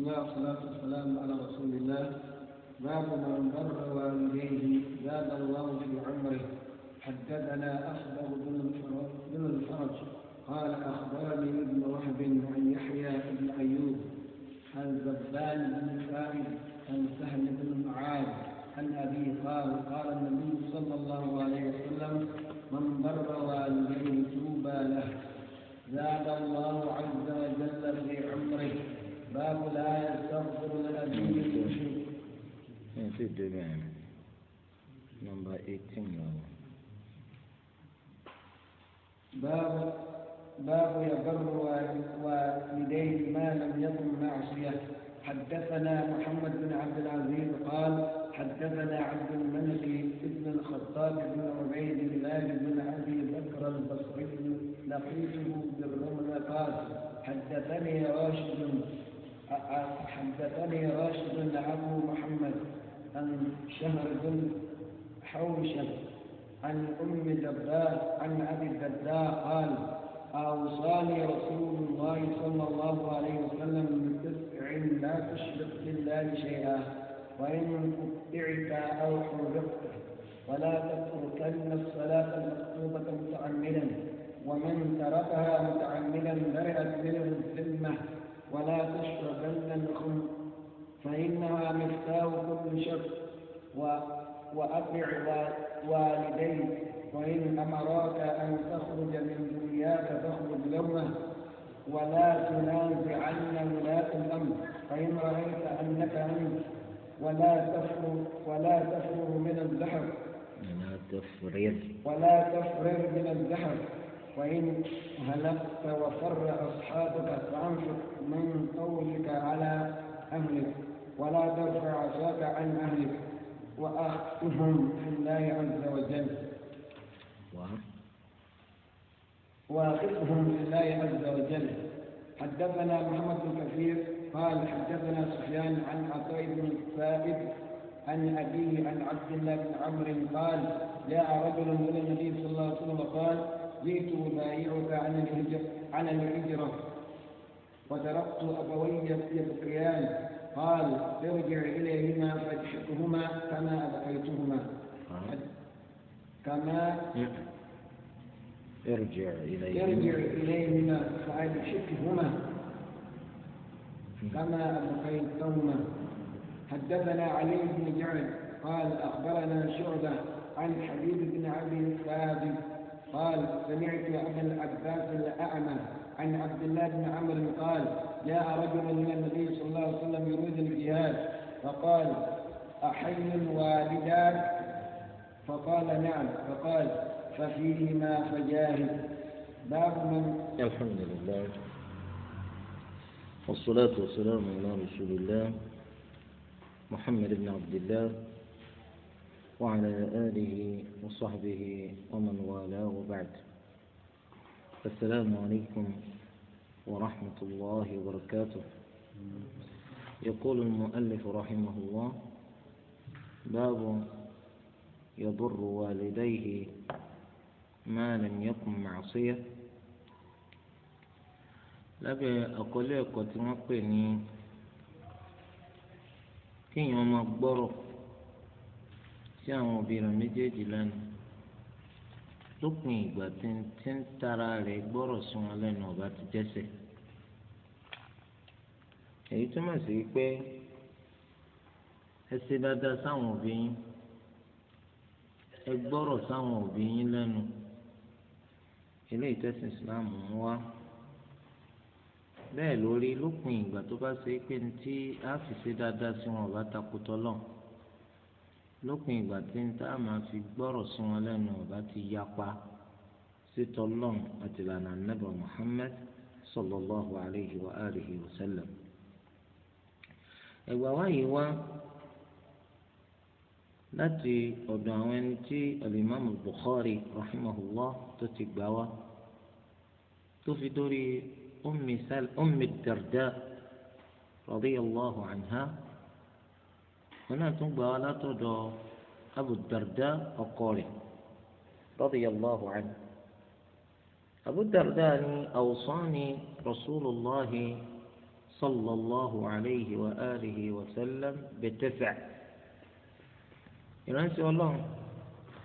بسم الله والصلاة والسلام على رسول الله باب من بر والديه زاد الله في عمره حدثنا أصدق بن الفرج قال أخبرني ابن وهب عن يحيى بن أيوب عن زبان بن خالد عن سهل بن معاذ عن أبي قال قال النبي صلى الله عليه وسلم من بر والديه توبى له زاد الله عز وجل في عمره باب لا يستغفر لأبيه المشرك في الدبان نمبر 18 باب باب يبر والديه ما لم يكن معصيه حدثنا محمد بن عبد العزيز قال حدثنا عبد الملك بن الخطاب بن عبيد الله بن ابي بكر البصري لقيته بالرمل قال حدثني راشد حدثني راشد أبو محمد عن شهر بن حوشب عن أم الدرداء عن أبي الدرداء قال أوصاني رسول الله صلى الله عليه وسلم بتسع لا تشرك بالله شيئا وإن قطعت أو حرقت ولا تتركن الصلاة المكتوبة متعمدا ومن تركها متعمدا برئت منه الذمة ولا تشربن الخمر فإنها مفتاح كل شر وأطع والديك وإن أمراك أن تخرج من دنياك فاخرج لومه ولا تنازعن ولاة الأمر فإن رأيت أنك أنت ولا تفر ولا تفر من الزحف ولا تفرر ولا تفرر من الزحف وإن هلكت وفر أصحابك فأنفق من قولك على أهلك ولا ترفع عصاك عن أهلك وأخفهم في الله عز وجل وأخفهم في الله عز وجل حدثنا محمد بن كثير قال حدثنا سفيان عن عطاء بن ثابت عن أبيه عن عبد الله بن عمرو قال جاء رجل إلى النبي صلى الله عليه وسلم قال جئت أبايعك عن الهجرة عن الهجرة فتركت أبوي يبكيان قال ارجع إليهما فاجحكهما كما أبقيتهما كما ارجع إليهما ارجع إليهما فأبشكهما كما أبقيتهما حدثنا علي بن جعد قال أخبرنا شعبة عن حبيب بن عبد الثابت قال سمعت أبا العباس الأعمى عن عبد الله بن عمرو قال جاء رجل من النبي صلى الله عليه وسلم يريد الجهاد فقال أحي الوالدات فقال نعم فقال ففيهما فجاهد باب من الحمد لله والصلاة والسلام على رسول الله محمد بن عبد الله وعلى آله وصحبه ومن والاه وبعد السلام عليكم ورحمة الله وبركاته يقول المؤلف رحمه الله باب يضر والديه ما لم يكن معصية لابي أقول لك وتنقني كي يوم أكبره kéèyàn máa gbọ́rọ̀ lópin ìgbà tí ń tí ń tara rẹ̀ gbọ́rọ̀ sí wọn lẹ́nu ọba ti dẹ́ṣẹ̀ èyí túmọ̀ sí pé ẹ ṣe dáadáa sáwọn òbí yín ẹ gbọ́rọ̀ sáwọn òbí yín lẹ́nu ilé ìtẹ́sìn Islam ń wá bẹ́ẹ̀ lórí lópin ìgbà tó bá ṣe pé ní tí fi ṣe dáadáa sí wọn ọba takò tọ́lọ́ọ̀ lópin ìgbà tí ń tá a máa fi gbọ́rọ̀ sí wọn lẹ́nu ọ̀bá ti yapa sítọ́ lọ́n àti lànà nàbà Muhammad sallallahu alayhi wa alihi wa sallam. ẹ̀gbà wa yìí wá láti ọ̀dọ̀ àwọn ẹni tí alimami Bukhari rahimahullah tó ti gbà wá tó fi dórí ummi Darda radiyallahu anha. هنا تنبأ ولا أبو الدرداء القاري رضي الله عنه أبو الدرداء أوصاني رسول الله صلى الله عليه وآله وسلم بتسع ينسي والله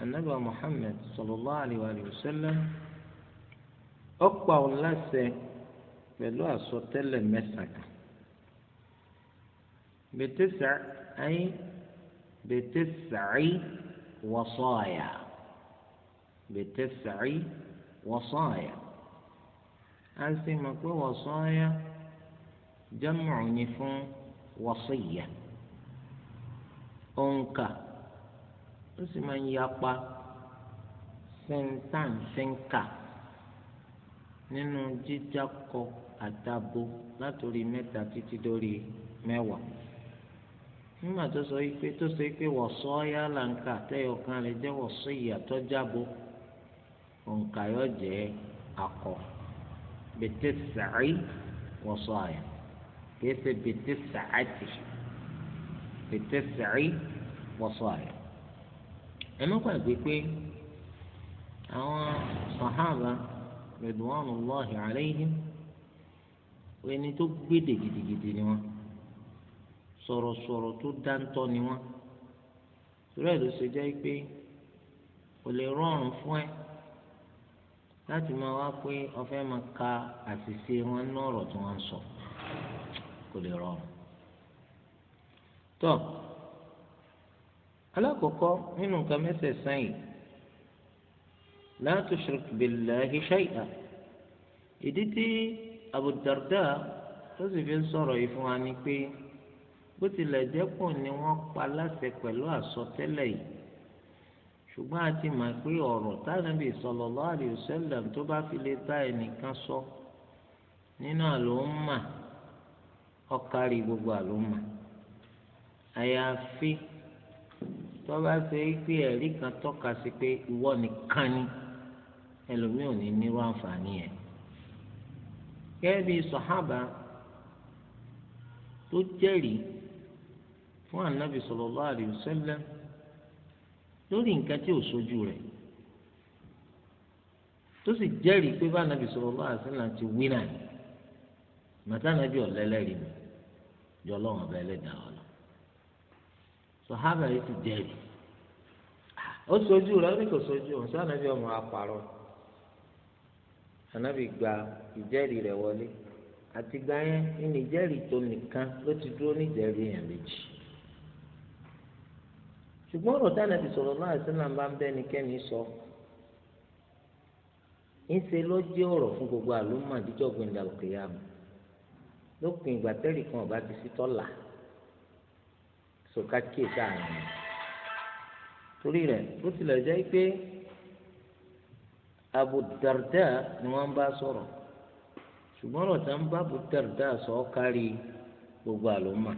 النبي محمد صلى الله عليه وآله وسلم أقوى الناس بلوى صوت المسك بتسع أي بتسع وصايا بتسع وصايا أسي مكو وصايا جمع نفون وصية ònkà ó sì máa ń yapa sẹ́ńtàǹsẹ́ńkà nínú jíjákọ àtàbò látòrí mẹ́ta títí dórí mẹ́wàá nígbà tó sọ pé tó sọ pé wọ̀sọ́ yálà ńkà tẹ́yọ̀kan rẹ̀ jẹ́ wọ̀sọ́ ìyàtọ̀ jábọ̀ òǹkà yọ jẹ́ akọ bètè sàáì wọ̀sọ́ àyà kìí ṣe bètè sàátì bètè sàáì wọ̀sọ́ àyà. ẹnu gbàgbé pé àwọn sàhábà ridwanullahi alayhim ẹni tó gbédè gidigidi ni wọn sọ̀rọ̀sọ̀rọ̀ tó dáńtọ́ ni wọ́n torí ẹ̀ ló ṣe jẹ́ pé kò lè rọrùn fún ẹ láti máa wá pé ọfẹ́ máa ka àṣìṣe wọn ní ọ̀rọ̀ tí wọ́n ń sọ kò lè rọrùn. tó alákọ̀ọ́kọ́ nínú nǹkan mẹ́sẹ̀ẹ̀sán yìí la tushrik billahi shay'a ìdí tí Abu Darda tó sì fi ń sọ̀rọ̀ yìí fún wa ni pé. bó tilẹ̀ jẹ́ pọ̀ ni wọ́n pa láṣẹ pẹ̀lú àsọtẹ́lẹ̀ yìí ṣùgbọ́n a ti mọ̀ pé ọ̀rọ̀ tánàbì sallallahu alaihi wasallam tó bá fi lè bá ẹnìkan sọ nínú àlòmà ọ̀kárí gbogbo àlòmà àyàfi tó bá ṣe é pé ẹ̀rí kan tọ́ka sí pé ìwọ nìkan ni ẹlòmíì ò ní nírú àǹfààní yẹn gẹ́gẹ́ bí sọ̀hábà tó jẹ́rìí. fún anabi sallallahu alaihi wasallam lórí nǹkan tí ò sojú rẹ̀ tó sì jẹ́rìí pé bá anabi sallallahu alaihi wasallam ti wí náà màtá anabi ọ̀lẹ́lẹ́rìí mi yọ lọ́wọ́n ọba ẹlẹ́dàá ọ̀la sọ̀hábà yìí ti jẹ́rìí ó sojú rẹ̀ ó ní kò sojú òun sí anabi ọmọ apàrọ̀ anabi gba ìjẹ́rìí rẹ̀ wọlé àtìgbà yẹn ní ìjẹ́rìí tó nìkan ló ti dúró ní ìjẹ́rìí yẹn méjì. ṣùgbọ́n ọ̀rọ̀ dáná ti sọ̀rọ̀ náà sí náà bá ń bẹ́ ẹnikẹ́ni sọ ńṣe ló jẹ́ ọ̀rọ̀ fún gbogbo àlùmọ̀ àdíjọ́ gbẹ̀ndà òkè yá mi lópin ìgbà tẹ́lì kan ọ̀bá ti sí tọ́là sọ̀ká kíyè sáàrin torí rẹ̀ bó tilẹ̀ jẹ́ pé Abu ni wọ́n bá sọ̀rọ̀ ṣùgbọ́n ọ̀rọ̀ tá bá Abu Darda kárí gbogbo àlùmọ̀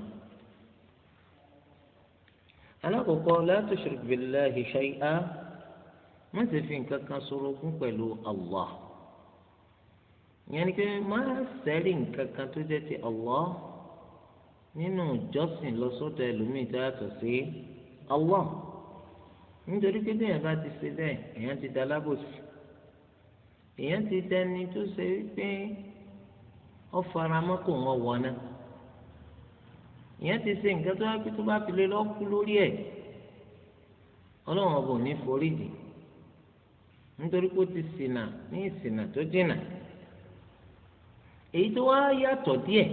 alákọ̀ọ́kọ́ lati tushrik billahi shay'a má ti fi nǹkan kan sorogún pẹ̀lú Allah ìyẹn pé má sẹ́rí nǹkan kan tó jẹ́ ti Allah nínú ìjọsìn lọ sọ́dọ̀ tó yàtọ̀ sí Allah nítorí pé bẹ́ẹ̀ bá ti ṣe ti da ti dẹni tó ṣe wípé ọ faramọ́ kò wọ́n ìyẹn ti ṣe nǹkan tó wá pé tó bá fi lé lọ́kú lórí ẹ̀ ọlọ́run ọba ò ní forí jì nítorí pé ó ti ṣìnà ní ìṣìnà tó jìnà èyí tó wá yàtọ̀ díẹ̀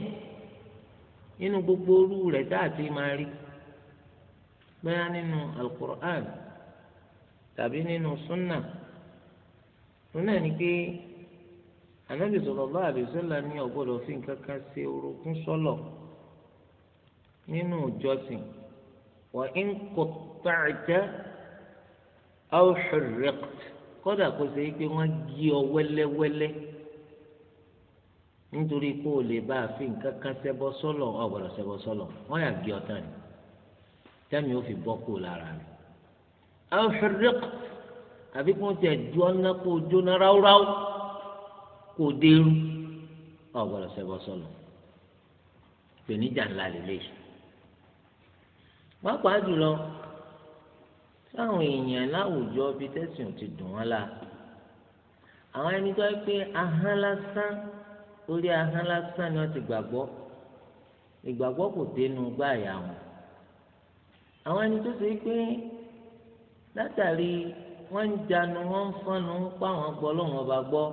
nínú gbogbo orú rẹ̀ tá máa rí bẹ́ẹ̀ nínú alukur'an tàbí nínú sunna sunna ni pé anabi sallallahu alaihi wasallam ní ó gbọ́dọ̀ fi nǹkan kan ṣe orogún sọ́lọ̀. So nínú ìjọsìn wà ń kò tààjẹ ọ̀hùrẹ́t kódà kó ṣe pé wọ́n gé ọ wẹ́lẹ́wẹ́lẹ́ nítorí kó o lè bá a fi nǹkan kan ṣẹbọ sọlọ ọgbọdọ ṣẹbọ sọlọ wọ́n yà gé ọ tán ni tẹmí ó fi bọ́ kó o lára rẹ̀ ọ̀hùrẹ́t àbí kó o tiẹ̀ ju kó o jóná ráúráú kó o dérú ọgbọdọ ṣẹbọ sọlọ pèníjà pàápàá jùlọ sáwọn èèyàn láwùjọ bíi tẹ̀sán ti dùn wọ́n la àwọn ẹni tó yẹ pé ahọ́n lásán orí ahọ́n lásán ni wọ́n ti gbàgbọ́ ìgbàgbọ́ kò dénú gbáàyà wọn àwọn ẹni tó ṣe pé látàrí wọ́n ń janu wọ́n ń fọ́nu ń pa àwọn gbọ́ lọ́wọ́n ọba gbọ́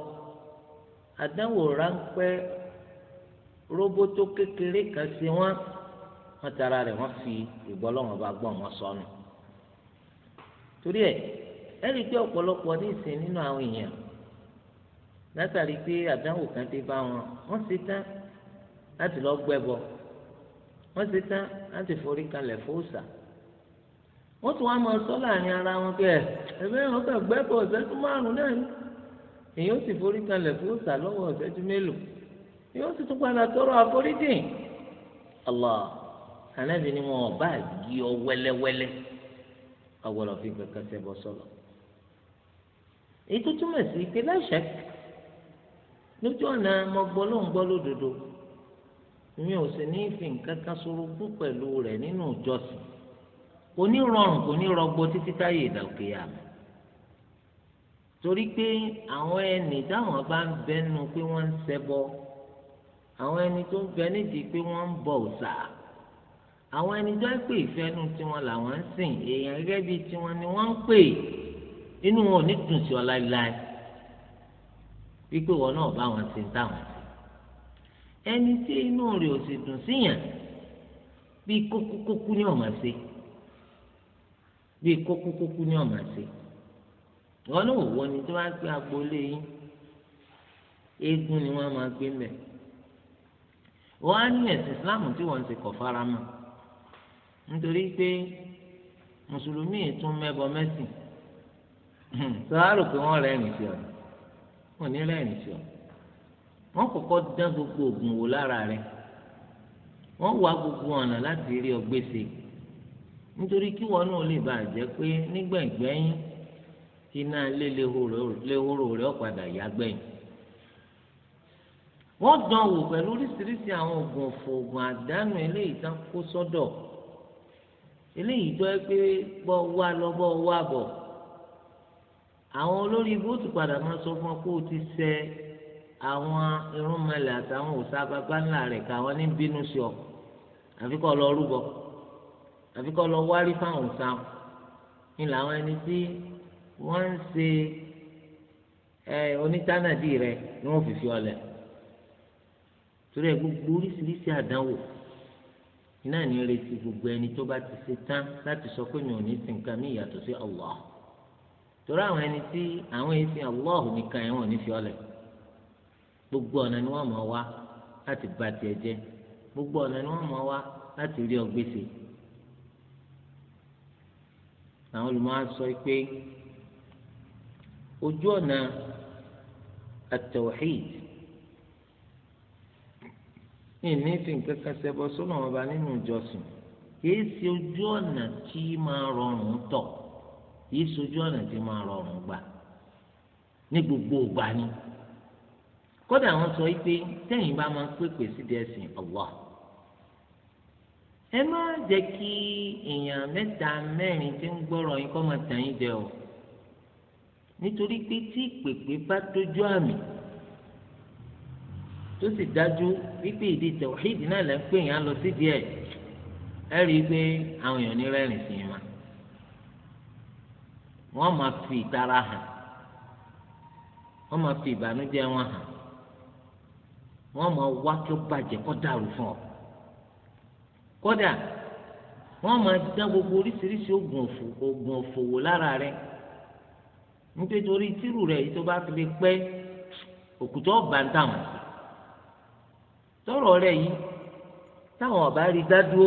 àdánwò ráńpẹ́ róbótó kékeré kan sí wọn wọ́n tara rẹ̀ wọ́n fi ìgbọ́lọ́wọ́n bá gbọ́n wọn sọnù torí ẹ̀ ẹ rí i pé ọ̀pọ̀lọpọ̀ ní ìsìn nínú àwọn èèyàn látàrí pé àdánwò kan dé bá wọn wọ́n ṣe tán láti lọ gbẹ́bọ wọ́n ṣe tán láti forí kalẹ̀ fóòsà wọ́n tún wá máa sọ láàrin ara wọn pé ẹ̀ ẹ̀fẹ́ wọn kàn gbẹ́bọ ìṣẹ́jú márùn-ún náà ni èyí ó sì forí kalẹ̀ fóòsà lọ́wọ́ ìṣẹ́jú mélòó èyí ó sì tún padà tọrọ àforíjìn Allah anabi ni wọn ọba àgì ọ wẹlẹwẹlẹ ọgbọdọ fi kankan ṣẹbọ sọlọ ètò túmọ̀ sí pé láṣẹ lójú ọ̀nà mọgbọ́lọ́ngbọ́ lódodo mi ò sì ní fi nǹkan kan sorogún pẹ̀lú rẹ̀ nínú ìjọsìn kò ní rọrùn kò ní rọgbọ títí táyé ìdàgbé àmì torí pé àwọn ẹni táwọn bá ń bẹnu pé wọ́n ń ṣẹbọ àwọn ẹni tó ń bẹ nídìí pé wọ́n ń bọ òòṣà àwọn ẹni tó ń pè ìfẹ́nu tiwọn làwọn ń sìn èèyàn gẹ́gẹ́ bíi tiwọn ni wọ́n ń pè inú wọn ò ní dùn sí ọ láéláé wípé wọn náà bá wọn ṣe táwọn ṣe ẹni tí inú rẹ̀ ò sì dùn síyàn bíi kókókókó ní ọ̀mà ṣe bíi kókókókó ní ọ̀mà ṣe wọn náà wọ ni tí wọn gbé agboolé yín eégún ni wọn máa gbé mbẹ wọn á ní ẹ̀sìn Islam tí wọn ń ṣe kọ fara mọ́. nítorí pé mùsùlùmí tún mẹ́bọ mẹ́sìn tó a pé wọ́n rẹ́rìn sí ọ wọ́n ní rẹ́rìn sí ọ wọ́n kọ́kọ́ dán gbogbo oògùn wò lára rẹ wọ́n wá gbogbo ọ̀nà láti rí ọ gbèsè nítorí kí wọ́n náà lè bàa jẹ́ pé nígbẹ̀gbẹ́yìn rẹ ọ̀padà yá gbẹ̀yìn wọ́n dán wò pẹ̀lú oríṣiríṣi àwọn oògùn ọ̀fọ̀ oògùn eléyìí tó ẹ pé bọ́ wá lọ bọ́ wá bọ̀ àwọn olórí ibú ti padà máa sọ fún ọ pé o ti ṣẹ àwọn irúnmọlẹ̀ àtàwọn òòṣà bàbá ńlá rẹ̀ káwọn ní bínú sí ọ àfi kọ́ lọ rúbọ àfi kọ́ lọ wárí fáwọn òòṣà ni làwọn ẹni tí wọ́n ń ṣe ẹ onítànàdì rẹ ni wọ́n fi fi ọlẹ̀ torí ẹ gbogbo oríṣiríṣi àdánwò iná ní retí gbogbo ẹni tó bá ti ṣe tán láti sọ pé mi ò ní sin nǹkan mi ìyàtọ̀ sí Allah torí àwọn ẹni tí àwọn èsì Allah nìkan ẹ̀wọ̀n ní fi gbogbo ọ̀nà ni wọ́n mọ̀ wá láti bà tiẹ̀ jẹ́ gbogbo ọ̀nà ni wọ́n mọ̀ wá láti rí ọgbẹ́sẹ̀ àwọn olùmọ̀ á sọ pé ojú ọ̀nà at ìní fi nǹkan kan ṣẹbọ sọ́nà ọba nínú ìjọsìn kìí ṣe ojú ọ̀nà tí máa rọrùn tọ̀ kìí ṣe ojú ọ̀nà tí máa rọrùn gbà ní gbogbo ìgbà ni kódà wọn sọ pé tẹ́yìn bá máa pèpè sídìí ẹ̀sìn Allah ẹ má jẹ́ kí èèyàn mẹ́ta mẹ́rin tí ń gbọ́rọ̀ yín kọ́ máa tàn yín o nítorí pé tí ìpèpè bá dójú àmì. tó sì dájú wípé ìdí tẹ̀wọ̀hídì náà lẹ́ ń pè yàn lọ sídìí ẹ̀ ẹ rí i pé àwọn èèyàn ní wọ́n máa fi ìtara hàn wọ́n máa fi ìbànújẹ́ wọn hàn wọ́n máa wá kí ó bàjẹ́ kó dàrú fún ọ kódà wọ́n máa dá gbogbo oríṣiríṣi oògùn oògùn òfòwò lára rẹ̀ nítorí tírù rẹ̀ tó bá fi lè pẹ́ òkùtọ́ tọrọ rẹ yìí táwọn ọba rí dádúró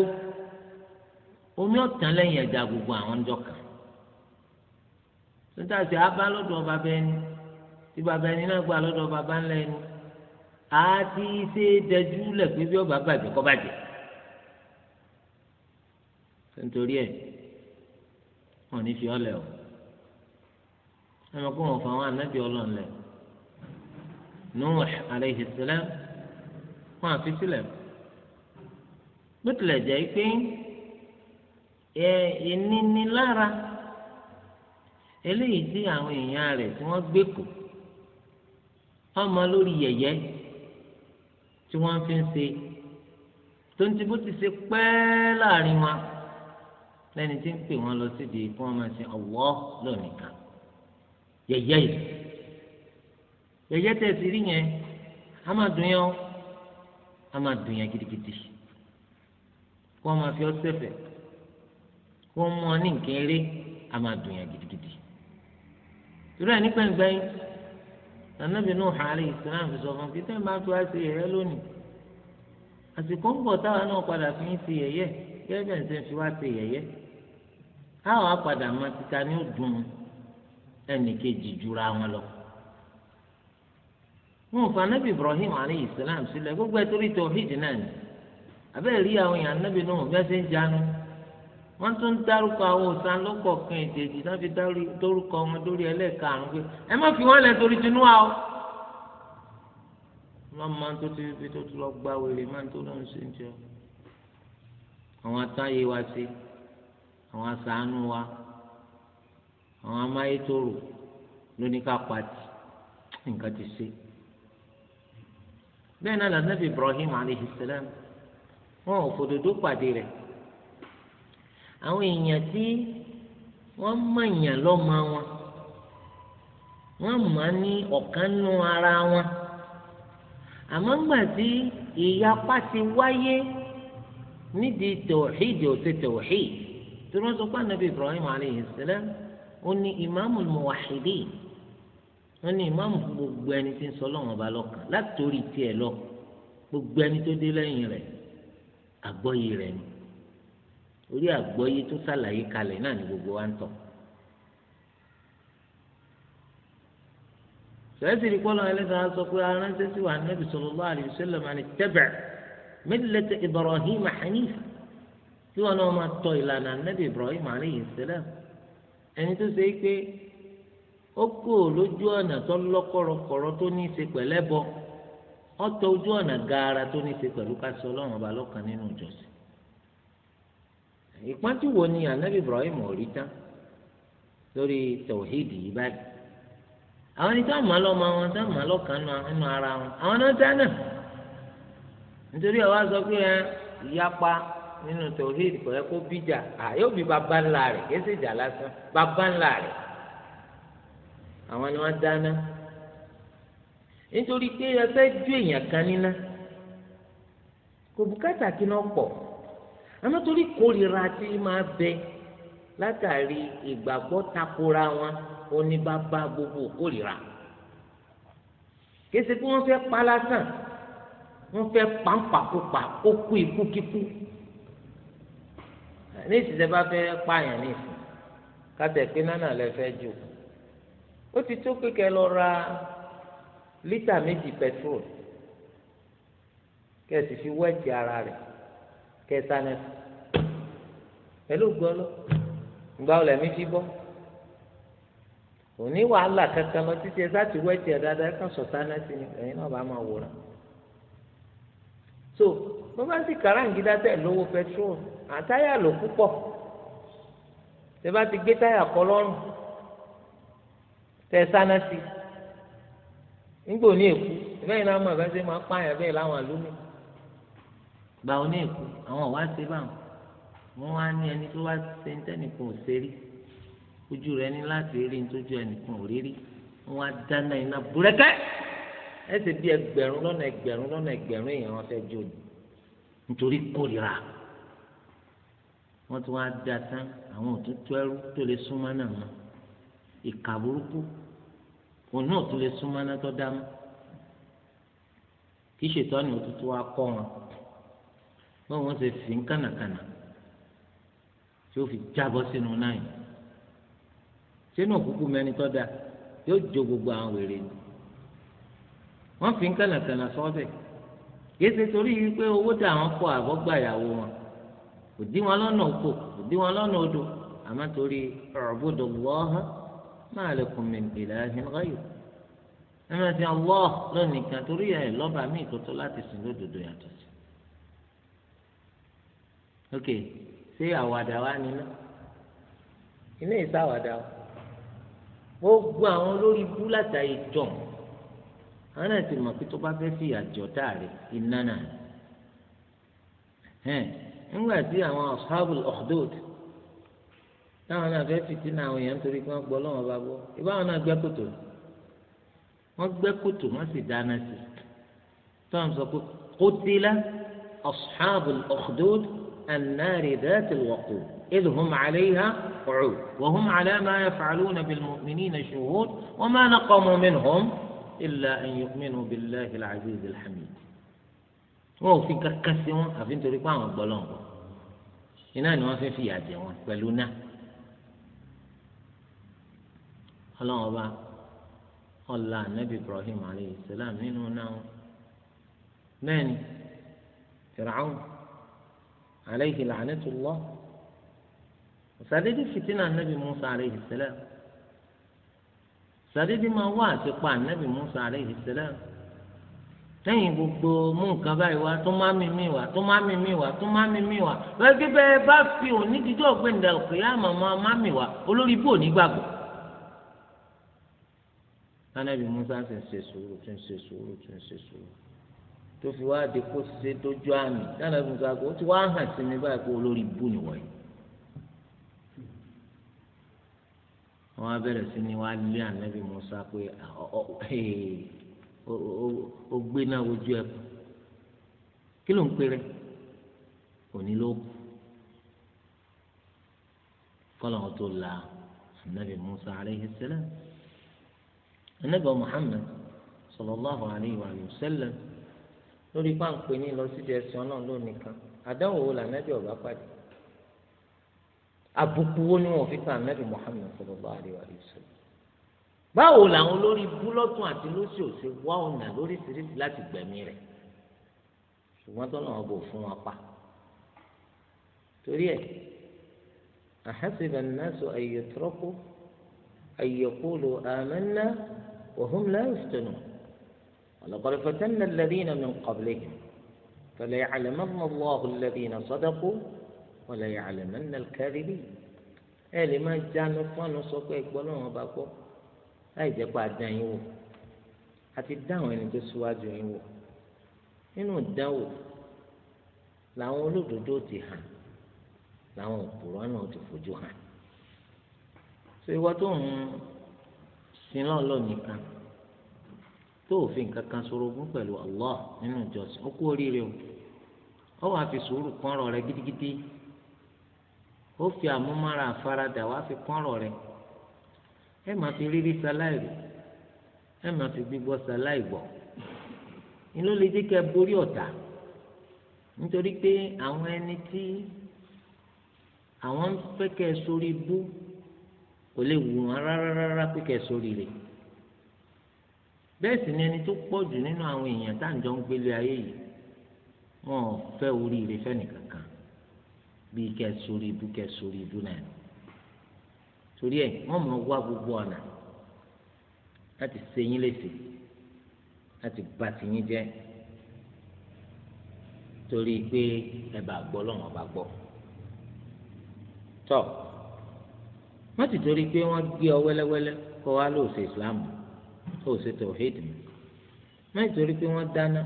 omi ọ̀tàn lẹ́yìn ẹja gbogbo àwọn ọjọ́ kan níta sí abá lọ́dọ̀ bàbá ẹni tí bàbá ẹni náà gbà lọ́dọ̀ bàbá ńlá ẹni àti ṣe dẹjú lẹ̀ pé bí ọba bàjẹ́ kọ́ bàjẹ́ nítorí ẹ̀ wọn ní fi ọlẹ̀ o ẹ máa wọn fún àwọn anábì ọlọ́ọ̀lẹ̀ Nuh alayhi salam. wọn àfi sílẹ̀ bó tilẹ̀ jẹ́ pé ẹ ìnínilára eléyìí tí àwọn èèyàn rẹ̀ tí wọ́n gbé kù ọmọ lórí yẹ̀yẹ́ tí wọ́n fi ń se tó ń ti bó ti ṣe pẹ́ láàrin wa lẹ́ni tí ń pè wọ́n lọ síbi kí wọ́n máa ṣe ọ̀wọ́ lónìkan yẹ̀yẹ́ yìí yẹ̀yẹ́ tẹ̀sí rí á máa dùn yẹn gidigidi kó wọn máa fi ọsẹ fẹ kó wọn mú ọ ní nǹkan eré á máa dùn yẹn gidigidi torí ẹ nípa ìgbà yìí nànàbì nù hàlẹ ìsìlámù fi sọ fún mi tẹ́ ẹ máa fi wá sí ẹ̀yẹ lónìí àsìkò ń bọ̀ táwọn náà padà fi ń ti yẹ̀yẹ́ gẹ́gẹ́ bẹ́ẹ̀ ń fi wá ti yẹ̀yẹ́ àwọn apàdà máa ti ta ní òdùn ẹnì kejì jura wọn lọ. wọn fa anabi ibrahim alayhi salam sílẹ̀ gbogbo ẹ torí tawhid náà ni abẹ́ẹ̀ rí àwọn èèyàn anabi náà bí wọ́n ṣe ń jánu wọ́n tún ń dárúkọ àwọn òsán fi wọn lórí ẹlẹ́ẹ̀karùn-ún pé ẹ má fi wọ́n wa o wọ́n máa ń tó ti fi tó ti lọ gba wèrè máa ń tó lọ́n ṣe ń àwọn wa àwọn wa àwọn amáyétòrò ti ṣe. bẹ́ẹ̀ náà lànàbì Ibrahim alayhi salam wọn ò fòdòdó pàdé rẹ̀ àwọn èèyàn tí wọ́n mọ̀nyàn lọ́mọ wọn wọ́n mọ̀ ní ọ̀kan nú ara wọn àmọ́ ńgbà tí ìyapa ti wáyé nídìí tòwíìdì òsè tòwíìdì tí wọ́n sọ pé ànábì Ibrahim alayhi ó ní ìmáàmù muwahhidin wọn ní ìmáàmù fún gbogbo ẹni tí ń sọ Ọlọ́run ọba lọ́kàn látòrí tiẹ̀ lọ gbogbo ẹni tó dé lẹ́yìn rẹ̀ àgbọ́yé rẹ̀ ni orí àgbọ́yé tó ṣàlàyé kalẹ̀ náà ni gbogbo wa ń tọ̀. sọ́yẹ́sì rí pọ́lọ́ ẹlẹ́sàn á sọ pé aránṣẹ́ sí wa Ànábì sallallahu alaihi wasallam máa ní tẹ́bẹ̀ millata Ibrahim hanifa tí wọn náà máa tọ ìlànà Ànábì Ibrahim alayhi salam ẹni tó ṣe é pé ó kò lójú ọ̀nà tó lọ́kọ̀rọ̀kọ̀rọ̀ tó ní í ṣe pẹ̀lẹ́ bọ ojú ọ̀nà gaara tó ní í ṣe pẹ̀lú ká ọlọ́run ọba nínú ìjọsìn. wo ni anabi ibrahim ọ̀rí tán lórí tọ̀hídì yìí báyìí àwọn ẹni lọ́mọ lọ́kàn nínú ara wọn àwọn náà nítorí sọ pé ẹ nínú kò yẹ kó bíjà ńlá rẹ̀ kéṣèjà lásán baba àwọn ni wọ́n dáná nítorí pé ẹsẹ̀ ju èèyàn kan níná kò bùkátà kí náà pọ̀ àmọ́ torí kórìíra tí máa bẹ látàrí ìgbàgbọ́ takora wọn oníbàbà gbogbo kórìíra kèsì tí wọ́n fẹ́ pa lásán wọ́n fẹ́ pàǹpàkópa ó kú ikú kíkú ní ìsìtẹ́ bá fẹ́ pààyàn ní ìsìn kátẹ́ pé nánà lẹ fẹ́ jù ó ti tó pé kẹ́ lọ ra lítà méjì pẹtrol kẹ́ sì fi wẹ́ẹ̀tì ara rẹ̀ kẹ́ sánẹ́tì pẹ̀lú gbọ́lọ́ ìgbà ọ̀lẹ̀ mi fi bọ́ òní wàhálà kankan lọ títí ẹ sáti wẹ́ẹ̀tì ẹ̀ dáadáa kan sọ sánẹ́tì ni ẹ̀yin náà bá máa wòran so bó bá sì kàráǹgídá tẹ̀ lówó pẹtrol àtáyà lò púpọ̀ tẹ bá ti gbé táyà kọ́ lọ́rùn tẹ sáná sí nígbà òní èkú bẹ́ẹ̀ náà mọ̀ bẹ́ẹ̀ sẹ́ máa pààyàn bẹ́ẹ̀ láwọn àlómi gbà òní èkú àwọn wá sí báwọn wọ́n wá ní ẹni tó wá ṣe ń tẹ́nìkan ò ṣe rí ojú rẹ ní láti rí ní tójú ẹnìkan ò rí rí wọ́n wá dáná iná búrẹ́kẹ́ ẹsẹ̀ bíi ẹgbẹ̀rún lọ́nà ẹgbẹ̀rún lọ́nà ẹgbẹ̀rún èèyàn wọn jó ni nítorí kórìíra wọ́n ti wá da tán àwọn òtútù ẹrú tó lè súnmọ́ náà ìkà burúkú òun náà tún lè súnmọ́ iná tó dá mọ́ kí ṣètò àná òtútù wa kọ́ wọn báwo wọ́n ṣe fi ń kànàkànà tí ó fi jábọ́ sínú náà yìí sínú òkúkú mẹ́ni tó dá yóò jó gbogbo àwọn wèrè ni wọ́n fi ń kànàkànà sọ́ọ̀bẹ̀ kìí ṣe torí pé owó tí àwọn kọ wọn kò dí wọn lọ́nà kò dí wọn lọ́nà odò àmọ́ torí ọ̀rọ̀ bó ما لكم من إله غيره أما في الله لن كاتوريا الله بعمي كتلاتي سندود دويا تسي أوكي ṣé àwàdà wa ni ná iná ìsá àwàdà wa gbogbo àwọn olórí ibú látàrí jọ àwọn náà ti mọ̀ pé tó bá fẹ́ fi àjọ táàrí iná náà nígbà tí àwọn ashabul ukhdud táwọn náà fẹ́ fìtínà àwọn èèyàn torí pé wọ́n gbọ́ lọ́wọ́ bá gbọ́ ìbáwọn náà gbẹ́ kòtò wọ́n gbẹ́ kòtò wọ́n sì dáná sí táwọn sọ pé qutila ashabul ukhdud an-nari dhatil waqud idh hum 'alayha qu'ud wa hum àlẹ́ ma yaf'aluna bil mu'minina shuhud wa ma naqamu minhum illa an yu'minu billahi al-'aziz won máa ná kọ́ sí wọn àfi nítorí pé àwọn ni wọ́n fẹ́ ọlọ́run ọba ọ̀la anabi ibrahim aleyhi salam nínú náà bẹ́ẹ̀ ni fìràwọn aleyhi làánẹ́tùlọ́ sàdédé fìtínà anabi musa aleyhi salam sàdédé máa wá àti pa anabi musa aleyhi salam lẹ́yìn gbogbo mú nǹkan báyìí wá tó má mi mi wá tó má mi mi wá tó má mi mi wá bẹ́ẹ̀ bí bẹ́ẹ̀ bá fi òní dídọ́ gbẹ̀ǹdà òkè yá màmá má mi wá olórí bò ní gbàgbọ́ anabi musa sì ń ṣe sùúrù tún ṣe sùúrù tún ṣe sùúrù tó fi wá di kó ṣe dójú àmì anabi musa kò tí wàá hàn sí mi báyìí kó olórí bù ní wọ̀nyí. wọ́n á bẹ̀rẹ̀ sí ni wàá lé anabi musa pé ó gbé náà ojú ẹ̀ kí ló ń pèrè òní ló kù kọ́lọ̀ tó la anabi musa aleyhi salam anabi muhammed sallallahu alayhi wa sallam lórí páńpẹ́ ní lọ sídìí ẹ̀sìn ọlọ́run lónìí kan àdáwò wo lànàbì ọ̀gá pàdé àbùkù wo ni wọn fi kan anabi muhammed sallallahu alayhi wa sallam báwo làwọn olórí búlọ́tún àti lọ́sì òsè wá ọ̀nà lóríṣiríṣi láti gbẹ̀mí rẹ̀ ṣùgbọ́n tó náà bò fún wọn pa torí ẹ̀ ahasiba an-nasu an yutraku an yaqulu amanna. وهم لا يفتنون ولقد فتنا الذين من قبلهم فليعلمن الله الذين صدقوا وليعلمن الكاذبين ẹ lè máa jánu fọnù sọ pé ẹgbọ́ lọ́wọ́n bá gbọ́ láì jẹ́ pé àdán yín wò àti dáhùn ẹni tó síwájú yín wò nínú ìdánwò làwọn olódodo ti hàn làwọn òpùrọ̀ náà ti fojú hàn ṣé ìwọ tó ń sílọ̀ lónìkan tó òfin kankan sorogún pẹ̀lú Allah nínú ìjọsìn ó kú oríire o ó wàá fi sùúrù kọ́rọ̀ rẹ gidigidi ó fi àmúmára àfaradà wàá fi kọ́rọ̀ rẹ ẹ má fi rírí sáláì rí ẹ má fi gbígbọ́ sáláì gbọ́ inú lè jẹ́ kẹ́ borí ọ̀tá nítorí pé àwọn ẹni tí àwọn fẹ́ kẹ́ sórí bú. kò lè wù wọn rárá rárá pé kẹ́ sórí rẹ̀ bẹ́ẹ̀ sì ni ẹni tó pọ̀ jù nínú àwọn èèyàn tá à ń jọ ń gbélé ayé yìí wọn ò fẹ́ oríire fẹ́ni kankan bíi kẹ́ sórí ibú kẹ́ sórí ibú náà torí ẹ̀ wọ́n mọ̀ wá gbogbo ọ̀nà láti ṣe yín láti bà tiyín jẹ́ torí pé ẹ bá gbọ́ lọ́wọ́n bá gbọ́ tọ́. má ti torí pé wọ́n gbé ọ wẹ́lẹ́wẹ́lẹ́ kó wá lọ islam ó ṣe mi má ti torí pé wọ́n dáná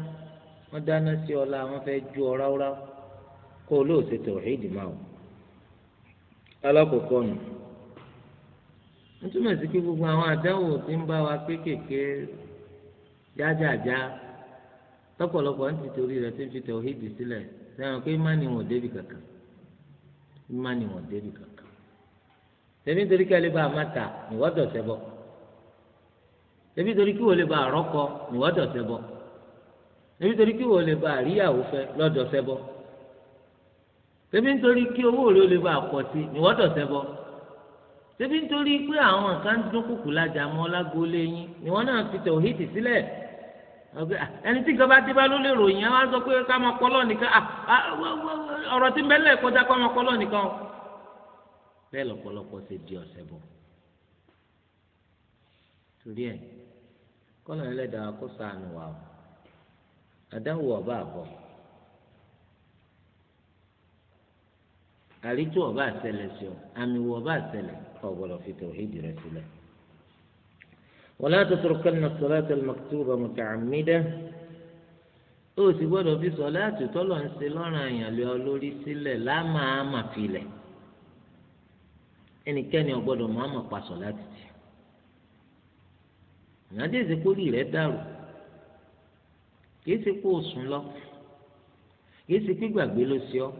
wọ́n dáná sí wọ́n fẹ́ ju ọ ráúráú kó lọ ṣe o alákòókò nù nítorí sí pé gbogbo àwọn àdáwò tí ń bá wa kéékèèké jájájá ń ti torí rẹ̀ tí ń fi tawhid sílẹ̀ sẹ́wọ̀n pé má ni wọ́n kankan má ni wọ́n kankan. tẹ̀mí torí kí ẹlẹ́bà má ta níwọ́ dọ̀sẹ̀ bọ̀ tẹ̀mí torí kí wọ́n lè bá àrọ́kọ níwọ́ dọ̀sẹ̀ bọ̀ tẹ̀mí torí kí wọ́n lè bá àríyàwó fẹ́ lọ́dọ̀sẹ̀ bọ̀ tẹ̀mí torí kí owó rẹ̀ lè bá àpọ̀ sí níwọ́ dọ̀sẹ̀ bọ̀ tẹ̀mí torí pé àwọn kan dún kùkù lájà mọ́ lágboolé yín níwọ́n náà fi tẹ̀ òhìtì sílẹ̀ ẹni tí ìjọba dé bá ló lè ròyìn á wá sọ pé ká máa kọ́ lọ́ọ̀ nìkan ọ̀rọ̀ tí ń bẹ́lẹ̀ kọjá ká máa kọ́ nìkan o bẹ́ẹ̀ lọ́pọ̀lọpọ̀ ṣe di ọ̀sẹ̀ bọ̀ torí ẹ̀ kọ́nà ẹlẹ́dàá kó sànù wà ó àdáwò ọba àbọ̀ àrítú ọba àṣẹlẹ sí ọ àmì wọ ọba àṣẹlẹ ọgbọdọ fi tòhídì rẹ sílẹ̀. ولا تتركن الصلاة المكتوبة متعمدة ó sì gbọ́dọ̀ fi sọ̀láàtì tọ́lọ̀ ń ṣe lọ́rùn àyàn ọ lórí sílẹ̀ lámàá mà ẹnikẹ́ni ọ̀gbọ́dọ̀ mọ̀ọ́mọ̀ pasọ̀ láti tì ìyáde ìsìnkúrì rẹ̀ dàrú kìí ṣe kó o sùn lọ kìí ṣe pé gbàgbé ló ṣe ọ́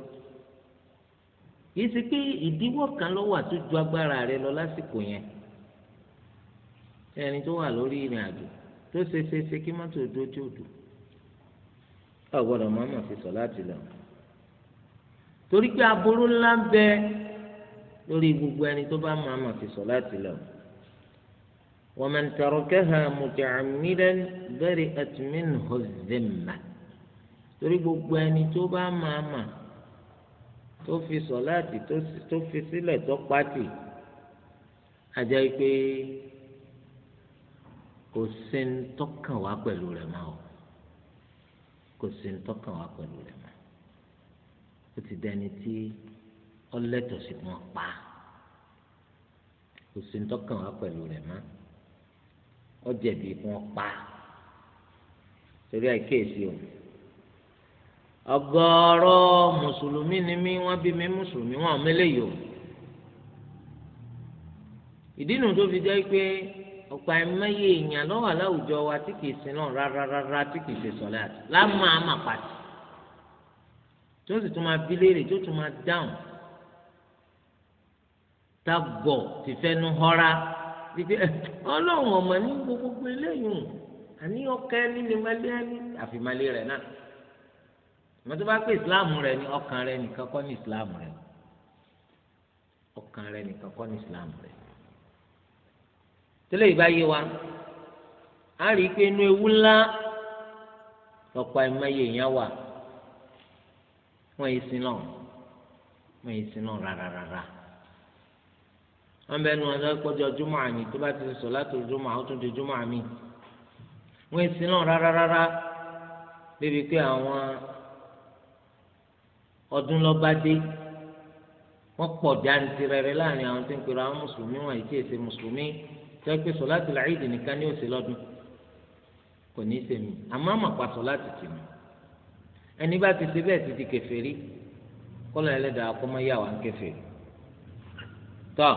kìí ṣe pé ìdíwọ́ kan ló wà tó ju agbára rẹ lọ lásìkò yẹn ẹni tó wà lórí ìrìn àjò tó ṣe ṣe ṣe kí mọ́tò dojú òdò ọ̀gbọ́dọ̀ mọ̀ọ́mọ̀ fi sọ láti lọ torí pé aburú ńlá ń bẹ lórí gbogbo ẹni tó bá máa ma fi sọ̀láàtì lọ. wa man tarakaha muta'ammidan bari'at minhu dhimma torí gbogbo ẹni tó bá máa ma tó fi sọ̀láàtì tó fi sílẹ̀ tó pàtì àjẹ́ pé kò sí ń tọ́kàn wá pẹ̀lú rẹ̀ máa o kò sí ń tọ́kàn wá pẹ̀lú rẹ̀ máa o ti dẹni tí ọlẹ́tọ̀ sí wọn pa kò sí ntọ́kàn wá pẹ̀lú rẹ̀ mọ́ ọjẹ̀bi wọn pa torí àìkéèsì o ọ̀gọ̀rọ̀ mùsùlùmí ni mí wọn bí mi mùsùlùmí wọn ò mẹlẹyìí o ìdí nu tó fi jẹ́ pé ọ̀pọ̀ ẹ̀mẹ́yẹ èèyàn lọ́wọ́ aláwùjọ wa tí kìí sin náà rárárárá tí kìí ṣe sọ̀lẹ́ àti lámàá má pàtì tí ó sì tún máa bí léèrè tí tún máa dáhùn tágọ̀ ti fẹ́nu họ́ra wípé eh, ọlọ́run ọmọ ní gbogbo eléyìí àní ọkàn ẹni ni malẹ́ ẹni àfi malẹ́ rẹ̀ náà àmọ́ tó bá pé ìsìláàmù rẹ̀ ni ọkàn rẹ̀ nìkan kọ́ ní ìsìláàmù rẹ̀ ọkàn rẹ̀ nìkan kọ́ ní ìsìláàmù rẹ̀ tẹ́lẹ̀ ìgbà yé wa a rí i pé inú ewu ńlá lọ́pàá ìmọ̀ye èèyàn wà wọ́n yìí sin náà wọ́n yìí sin náà rárára. Rá, rá, rá wọn bẹ nu ọjọ́ kọjọ júmọ àmì tó bá ti sọ láti júmọ àwọn tó di júmọ àmì wọn èsì náà rárá rárá débi pé àwọn ọdún lọ́bádé wọ́n pọ̀ jàǹtìrẹrẹ láàrin àwọn tí ń pera àwọn mùsùlùmí wọn àti èsè mùsùlùmí tó pé sọláàtì làídì nìkan ní òsè lọ́dún kò ní í sèmi àmọ́ àmọ́ pa sọláàtì tì mí ẹni bá ti ṣe bẹ́ẹ̀ ti di kèfèrí kọ́lọ́ ẹlẹ́dàá kọ́mọ́ yà wá ń kèfèrí tọ́.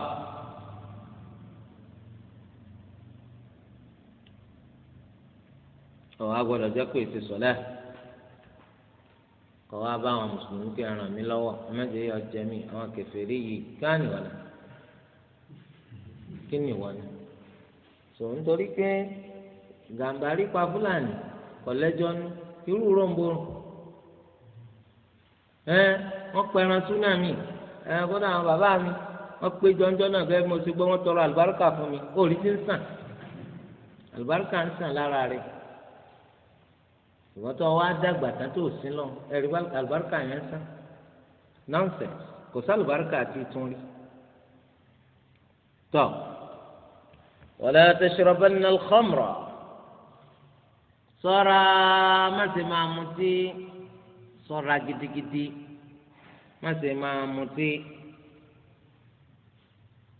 kọ wá gbọ́dọ̀ jẹ pé èsì sọlẹ kọ wá bá àwọn mùsùlùmí kí ẹran mi lọ́wọ́ ẹmẹjẹ yọ jẹ mí àwọn kèfèrí yìí káàní wọlé kí ni wọn ni tò nítorí pé gàǹbarí pa fúlàní kọlẹjọ nu irú rọǹbó ẹ wọn pẹran súnámì ẹ kódà àwọn bàbá mi wọn pé jọjọ náà bẹ́ẹ̀ mo ti gbọ́ wọn tọrọ àlùbáríkà fún mi ó rí ti ń sàn àlùbáríkà ń sàn lára rẹ̀ ìwọ́n tó wá dàgbà tán tó sí lọ ẹ̀rí àlùbáríkà yẹn sá nonsense kò sálùbáríkà àti ìtún rí tọ́ wala tashrabanna al-khamra sọ́ra má ṣe máa mutí sọ́ra gidigidi má máa mutí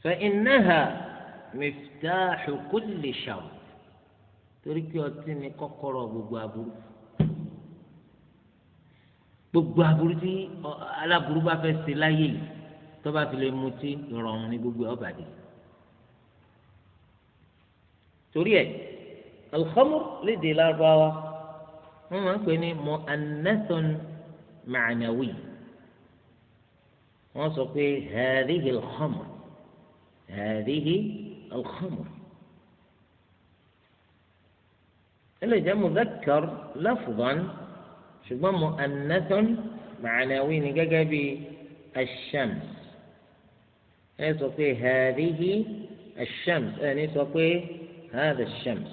fa innaha miftahu kulli sharr torí pé ọtí ni kọ́kọ́rọ́ gbogbo aburú gbogbo aburú tí aláburú bá fẹ́ ṣe láyé yìí tó bá fi lè mutí ìrọ̀rùn ní gbogbo ọba dé torí ẹ alhamur lédè lárúbáwá wọn máa ń pè ní mọ anathon ma'anawi wọn sọ pé hàríhì alhamur hàríhì alhamur ẹ lè jẹ́ mudhakkar lafdhan ṣùgbọ́n mu anatun ma'anawi ni gẹ́gẹ́ bí ashams ẹ sọ pé hàdíhì ashams ẹ ní sọ pé hàdà shams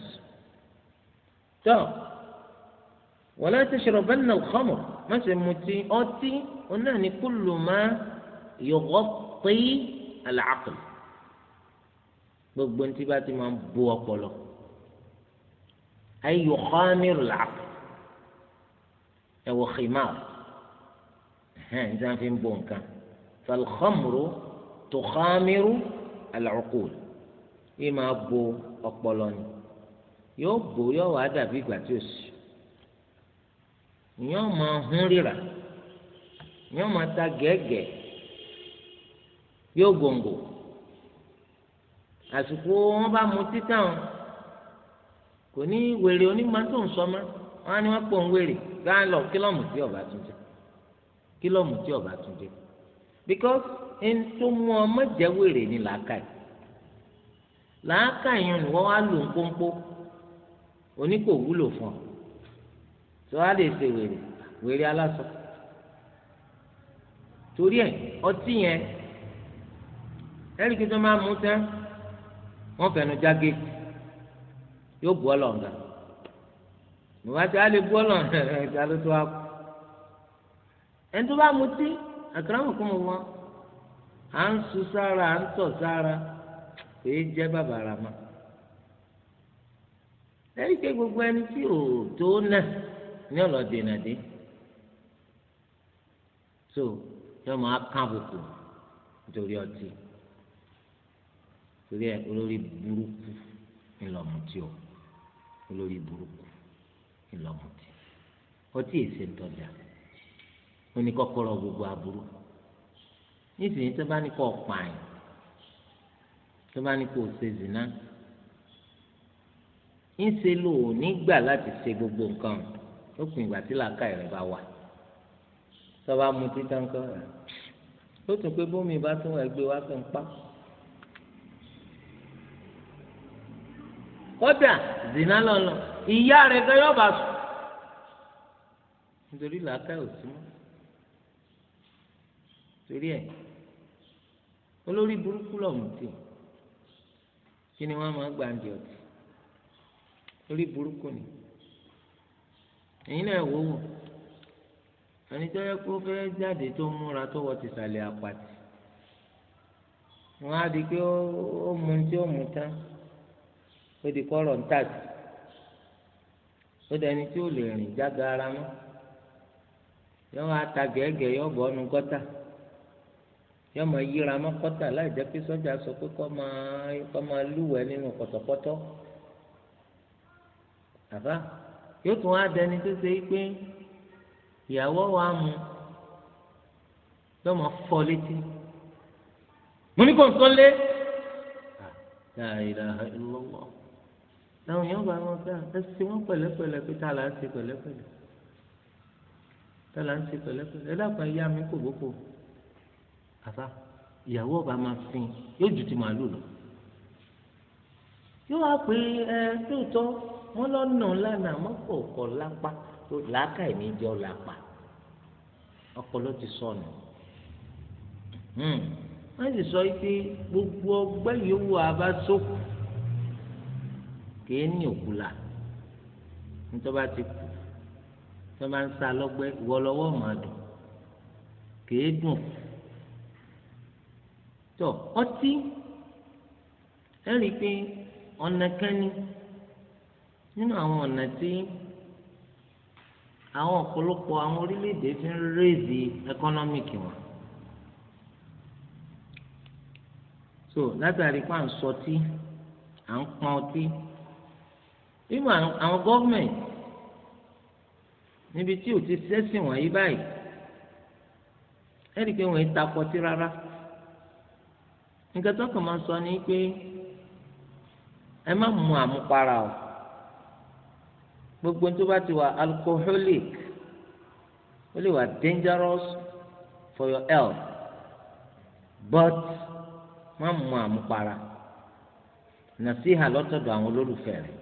tó wọlé tẹsirọ bẹ́ẹ̀ nà lọ́mọ má ṣe mutí ọtí ọ̀nà ni kúlù má yọ̀gọ́ pé àlàákùn gbogbo ntí bá ti máa bu ọpọlọ ayọ̀kọ́ mìíràn làákùn ẹ wọ khimar ẹhẹn ní sáà fi ń bọ nǹkan falkhamru tukhamiru alaqul yìí máa bo ọpọlọ ni yóò bò yóò wá dàbí ìgbà tí o sì yóò máa hún ríra yóò máa ta gẹ́gẹ́ yóò gbòǹgbò àsìkò wọn bá mu títàn kò ní wèrè onímọ̀ tó ń sọ mọ́ wọn á ní wọn pọ̀ ń wèrè gálọ̀ kílọ̀mù tí ọba tún jẹ kílọ̀mù tí ọba tún jẹ because ẹni tó mú ọmọ jẹ́wèrè ni làákàyè làákàyè ni wọ́n wá lò ń pọ́npọ́ oní kò wúlò fún ọ tó a lè ṣe wèrè wèrè aláṣọ torí ẹ ọtí yẹn ẹnìkí máa mú tán wọn fẹnu jágé yóò bu ọlọ́ọ̀gá ìwádìí á lè gbọ́ lọ́nà ẹ̀ka ló tó a kù ẹni tó bá mutí àkàràmù kún mu wọn à ń su sára à ń tọ̀ sára èyí jẹ́ bàbá ara ma lẹ́yìn pé gbogbo ẹni tí ò tó náà ní ọ̀nà dènà so yọ máa kán àbùkù nítorí ọtí torí ẹ olórí burúkú ńlọmọtí o olórí burúkú ìlọmọtì ọtí èsè ń tọjà ó ní kọ́kọ́rọ́ gbogbo aburú nísìnyí tó bá ní kó pààyàn tó bá ní kó ṣe zìnà ńṣe lò ó nígbà láti ṣe gbogbo nǹkan ó pin ìgbà tí làákà rẹ̀ bá wà tó bá mu títà ńkọ ó tún pé bómi bá tún ẹgbẹ́ wa fi ń pa. kódà zina lọ́nà ìyá rẹ̀ gan yóò bá sùn nítorí làákà ò sí mọ́ torí ẹ̀ olórí burúkú lọ́mùtì kí ni wọ́n máa gbà ń di ọtí orí burúkú ni èyí náà wò wò ẹni tó yẹ kó fẹ́ jáde tó múra tó wọ tìsàlẹ̀ àpàtì wọ́n á di pé ó mu tí ó mu tán ó di kọ́rọ̀ ń tàbí ó dẹni tí ó lè rìn jága ara mọ́ yọ wá ta gẹ́gẹ́ yọ bọ́ ọ́nu gọ́tà yọ máa yíra mọ́ kọ́tà láì jẹ́ pé sọ́jà sọ pé kọ́ máa kọ́ máa lúwẹ̀ẹ́ nínú pọ̀tọ̀pọ̀tọ̀ àbá yóò tún wá dẹni tó ṣe é pé ìyàwó wa mu lọ́mọ fọ́ létí mo ní kò ń sọ lé. Ah, làwọn èèyàn bá wọn gbà ẹ ṣe wọn pẹ̀lẹ́pẹ̀lẹ́ pé tá a là ń ṣe pẹ̀lẹ́pẹ̀lẹ́ tá a là ń ṣe pẹ̀lẹ́pẹ̀lẹ́ ẹ dàpọ̀ ẹ̀yà mi kò bókò àbá ìyàwó ọba máa fin yóò ju ti màálù lọ yóò wá pé ẹ lóòótọ́ wọn lọ nà lánàá wọn kò kọ lápá làákà ẹ̀mí jẹ́ ọ ọpọlọ ti sọnù hmm. wọn sì sọ pé gbogbo ọgbẹ́ yòówù abá sókù kìí ní òkú la nítorí ti kú tí wọ́n bá ń sa lọ́gbẹ́ ìwọ lọ́wọ́ máa dùn kìí dùn tó ọtí ẹ rí i pé ọ̀nà kẹ́ni nínú àwọn ọ̀nà tí àwọn ọ̀pọ̀lọpọ̀ àwọn orílẹ̀-èdè fi ń rèézi ẹkọ́nọ́mìkì wọn. so látàrí pé à ń sọtí à ń pọn ọtí. So, ìmọ̀ àwọn gọ́ọ̀mẹ̀ntì níbi tí ò ti sẹ́sìn wọ̀nyí báyìí ẹ̀rí pé wọ́n ń takọtí rárá nǹkan tó kàn máa sọ ni pé ẹ o gbogbo tó bá ti wà ó lè wà for your health but má àmupara nàṣíhà lọ́tọ̀dọ̀ àwọn olólùfẹ́ rẹ̀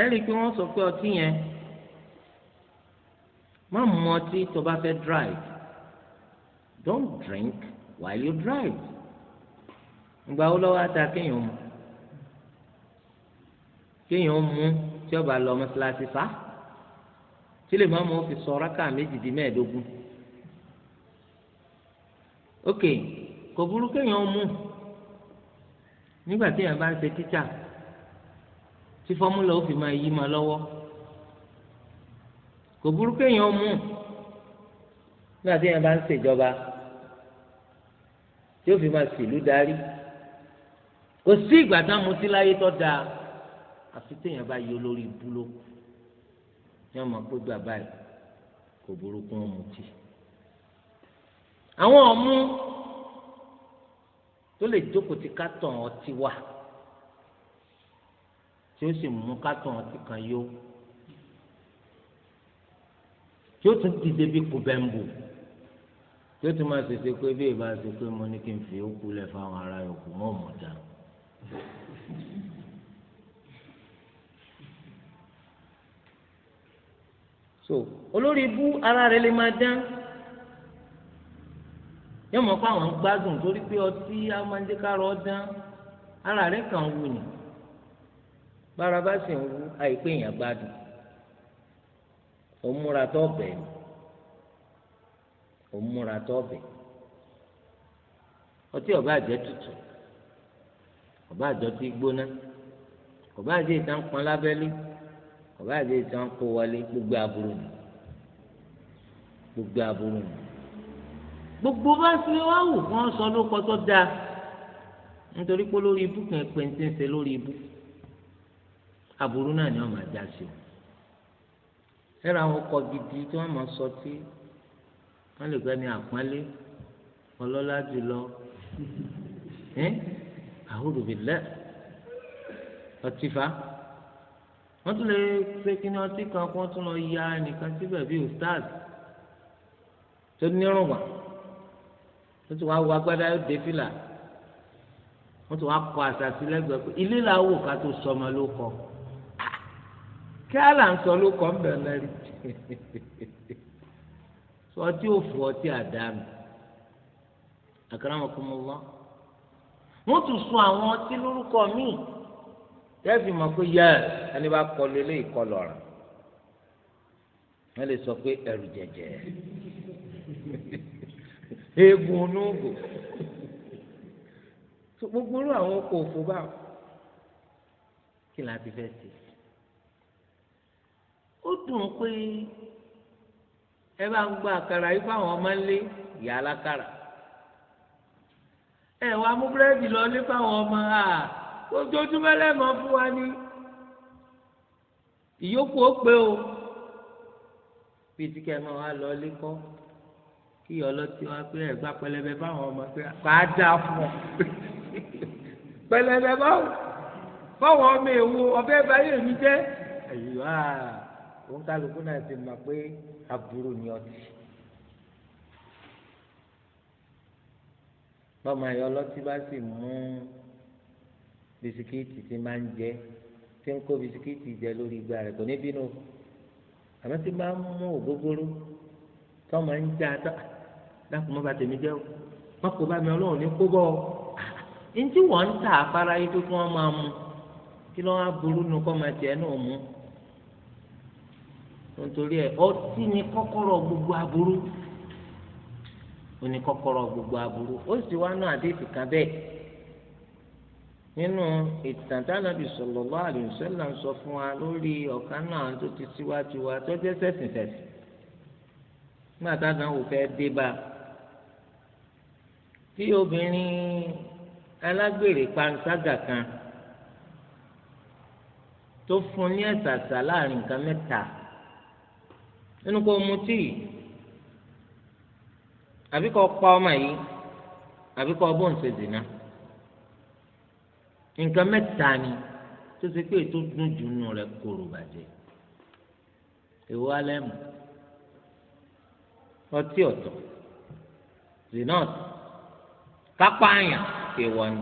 ẹ rí i pé wọ́n sọ pé ọtí yẹn má mu ọtí tó bá fẹ́ drive don't drink while you drive ìgbà wo lọ́wọ́ ata kéèyàn mu kéèyàn mu tí ó bá lọ mọ́ṣáláṣí fa tí lè má mu ó fi sọ rákà méjìdínlẹ́ẹ̀dógún ok kò burú kéèyàn mu nígbà tí èèyàn bá ń ṣe tíṣà tí fọ́múlà ó fi máa yí máa lọ́wọ́ kò burú kéèyàn mú nígbà tí èèyàn bá ń ṣèjọba tí ó fi máa ṣèlú darí kò sí ìgbà tá a sí láyé tó dáa àfi téèyàn bá yọ lórí ibú ló máa pé gbà báyìí kò burú kún ọmọ tì àwọn ọmú tó lè jókòó ti kátàn ọtí wà tí ó sì mú kátàn ọtí kan yó tí ó tún dìde bí kùbẹ́ǹbù tí ó tún máa ṣèṣe pé bí èèbá ṣe pé mo ní kí n fi ókú lẹ̀ fáwọn ará yòókù mọ́ ọ̀mọ̀ dá. so olórí ibú ara rẹ̀ lè máa dán yóò mọ̀ pé àwọn ń gbádùn torí pé ọtí amájẹkárọ dán ara rẹ̀ kàn wù ní bára bá sì ń wú àìpé èèyàn gbádùn òmùra tó bẹ òmùra tó ọtí ọba àjẹ tutù ọba àjọ tí gbóná ọba àjẹ ìtàn pọn lábẹ́lé ọba àjẹ ìtàn kó wọlé gbogbo aburú ni gbogbo aburú ni gbogbo bá ṣe wá wù wọ́n sọ lóko tó dáa nítorí pé lórí ibú kan pè ń ti ń ṣe lórí ibú aburú náà ni wọ́n máa já sí o ẹ̀rọ àwọn ọkọ̀ gidi tí wọ́n máa sọ tí wọ́n lè gbẹ́ni àpọ́nlé ọlọ́lá jùlọ ẹ́ àhùrùbílẹ̀ ọtí fa wọ́n tún lè ṣe kí ni ọtí kan kí tún lọ ya ẹnìkan síbẹ̀ bíi ustaz tó nírùngbà wọ́n ti wá wọ agbádá yóò dé fìlà wọ́n ti wá kọ àṣàṣì lẹ́gbẹ̀ẹ́ pé ilé là wò ká tó sọmọ ló kọ ah! kí á là ń sọ ló kọ ń bẹ̀ lẹ́rì sọ tí ò fọ tí àdá mi akramakumullah wọ́n tún sọ àwọn ọtí lórúkọ míì tẹ́ẹ̀fì mọ̀ pé yẹ ẹni bá kọlu ilé ìkọlọ̀ rẹ̀ wọ́n lè sọ pé ẹ̀rù jẹ̀jẹ̀ eegun onúgò gbogbo irú àwọn okò òfò báwo kí la ti fẹ́ ṣe ó dùn pé ẹ bá ń gba àkàrà yìí fáwọn ọmọ ńlé ìyá alákàrà ẹ wá mú búrẹ́dì lọ lé fáwọn ọmọ à ojoojúmọ́ lẹ́mọ̀ fún wa ní ìyókù ó pé o bíi ti kẹ́ ẹ máa wá lọ lé kọ́ kí ọlọ́tí wá pé ẹ̀gbá pẹlẹbẹ báwọn ọmọ pé kàá dá fún ọ pẹlẹbẹ báwọn báwọn ọmọ èwo ọbẹ̀ báyìí èmi jẹ́ àyùwá òun kálukú náà ti mọ̀ pé aburú ni ọtí. bọ́mọ ayọ̀ ọlọ́tí bá sì mú bisikíìtì tí máa ń jẹ tí ń kó bisikíìtì jẹ lórí igba rẹ̀ kò ní bínú àmọ́ tí máa ń mú ògógóró tó máa ń já tó dákun mọ́ba tèmi jẹ́ o mọ́kò bá mi ọlọ́run ní kó bọ́ ọ. Ah, ntí wọ́n ń ta afárá yìí tó kí wọ́n máa mu kí lọ́wọ́ aburú nu kọ́ máa tiẹ̀ náà mu. nítorí ẹ ọtí ni kọ́kọ́rọ́ gbogbo aburú ó ní kọ́kọ́rọ́ gbogbo aburú ó sì wá náà àdéhùn kan bẹ́ẹ̀ nínú ìtàn tánàbì sallallahu alaihi wasallam ń sọ fún wa lórí ọ̀kan náà tó ti síwájú wa tó jẹ́ sẹ́sìn sẹ́sìn nígbà táwọn ò fẹ́ dé bá a tí obìnrin alágbèrè panṣágà kan tó fún ní ẹ̀sàsà láàrin nǹkan mẹ́ta nínú kó mu tíì àbí kó pa ọmọ yìí àbí kó bóun ṣe dènà nǹkan mẹ́ta ni tó ṣe pé ètò dùn jù nù rẹ̀ kòrò bàjẹ́ èwo alẹ́ mu ọtí ọ̀tọ̀ dènà kápá àyàn èèwọ̀ ni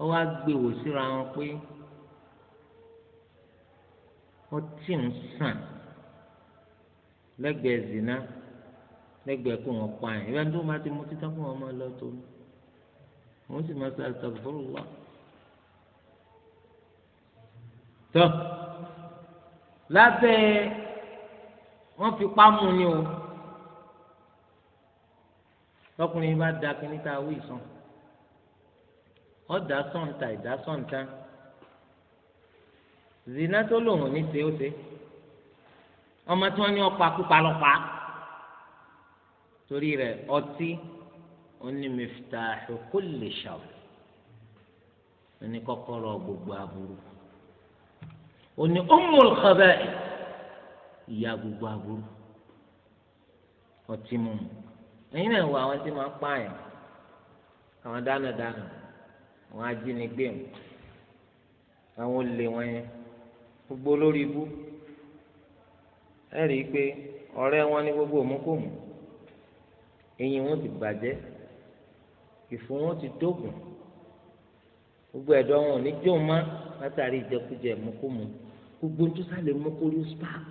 ó wá gbèwò síra wọn pé ó tì ń sàn lẹ́gbẹ̀ẹ́ zina lẹ́gbẹ̀ẹ́ kó wọn pa àyàn ìbẹ́ni tó máa ti mú títà kó wọn máa lọ tó wọn sì máa sọ astaghfirullah tó lábẹ́ wọ́n fipá mú ni o lọkùnrin yìí bá da kínní tá a wí sàn ọ̀dà sọ̀ǹta ìdá sọ̀ǹta zina tó lòun ní ṣe ó ṣe ọmọ tí wọ́n ní ọ̀pá púpa lọ́pá torí rẹ̀ ọtí onímìfitaahu kulli shar oní kọ́kọ́rọ́ gbogbo aburú oní ummul khaba'ith ìyá gbogbo aburú ọtí mímu ẹ̀yin náà wọ àwọn tí máa ń pààyàn àwọn dánadáná àwọn ajínigbé wọn àwọn olè wọn yẹn gbogbo lórí ibú ẹ rí i pé ọ̀rẹ́ wọn ní gbogbo òmùkòmù eyín wọn ti bàjẹ́ ìfun wọn ti dógùn gbogbo ẹ̀dọ̀ wọn ò ní jó má látàrí ìjẹkújẹ ìmúkòmù gbogbo tó sálẹ̀ mú kórí spark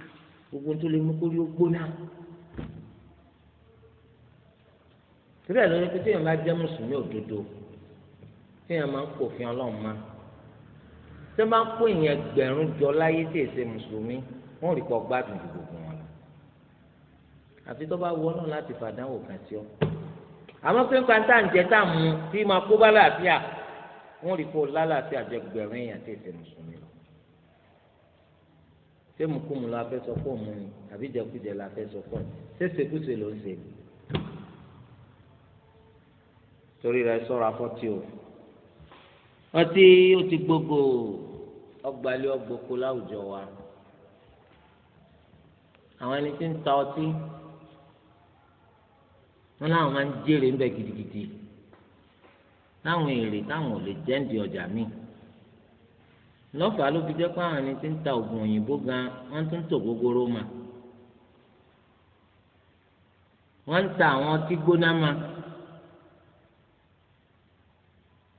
gbogbo tó lè mú kórí ó gbóná torí ẹ̀ lórí pé téèyàn bá jẹ́ mùsùlùmí òdodo téèyàn máa ń kòfin ọlọ́run má tó bá ń kó ìyẹn gbẹ̀rún jọ láyé tí èsè mùsùlùmí wọ́n rí pọ̀ gbádùn ju gbogbo wọn lọ àfi tó bá wọ náà láti fàdánwò kan sí ọ àmọ́ pé nǹkan tá à ń jẹ tá à ń mu tí máa kó bá láàfíà wọ́n rí pọ̀ lálàáfíà jẹ gbẹ̀rún èèyàn tí èsè mùsùlùmí lọ ṣé mùkúmu la fẹ́ sọ fóònù ni àbí jẹkújẹ la fẹ́ sọ fóònù ṣé ṣèkúṣe ló ń ṣe ni torí rẹ̀ sọ̀rọ̀ afọ́tí o ọtí ó ti gbogbo ọgbàlẹ ọgbọkọ láwùjọ wa àwọn ẹni tí ń ta ọtí wọn làwọn máa ń jèrè ń bẹ gidigidi láwọn èrè táwọn ò lè jẹ́ǹdì ọjà míì lọ́fàá ló fi jẹ́ pé àwọn ẹni tí ń ta oògùn òyìnbó gan wọ́n tún tò gbogbooro mà wọ́n ń ta àwọn ọtí gbóná mà.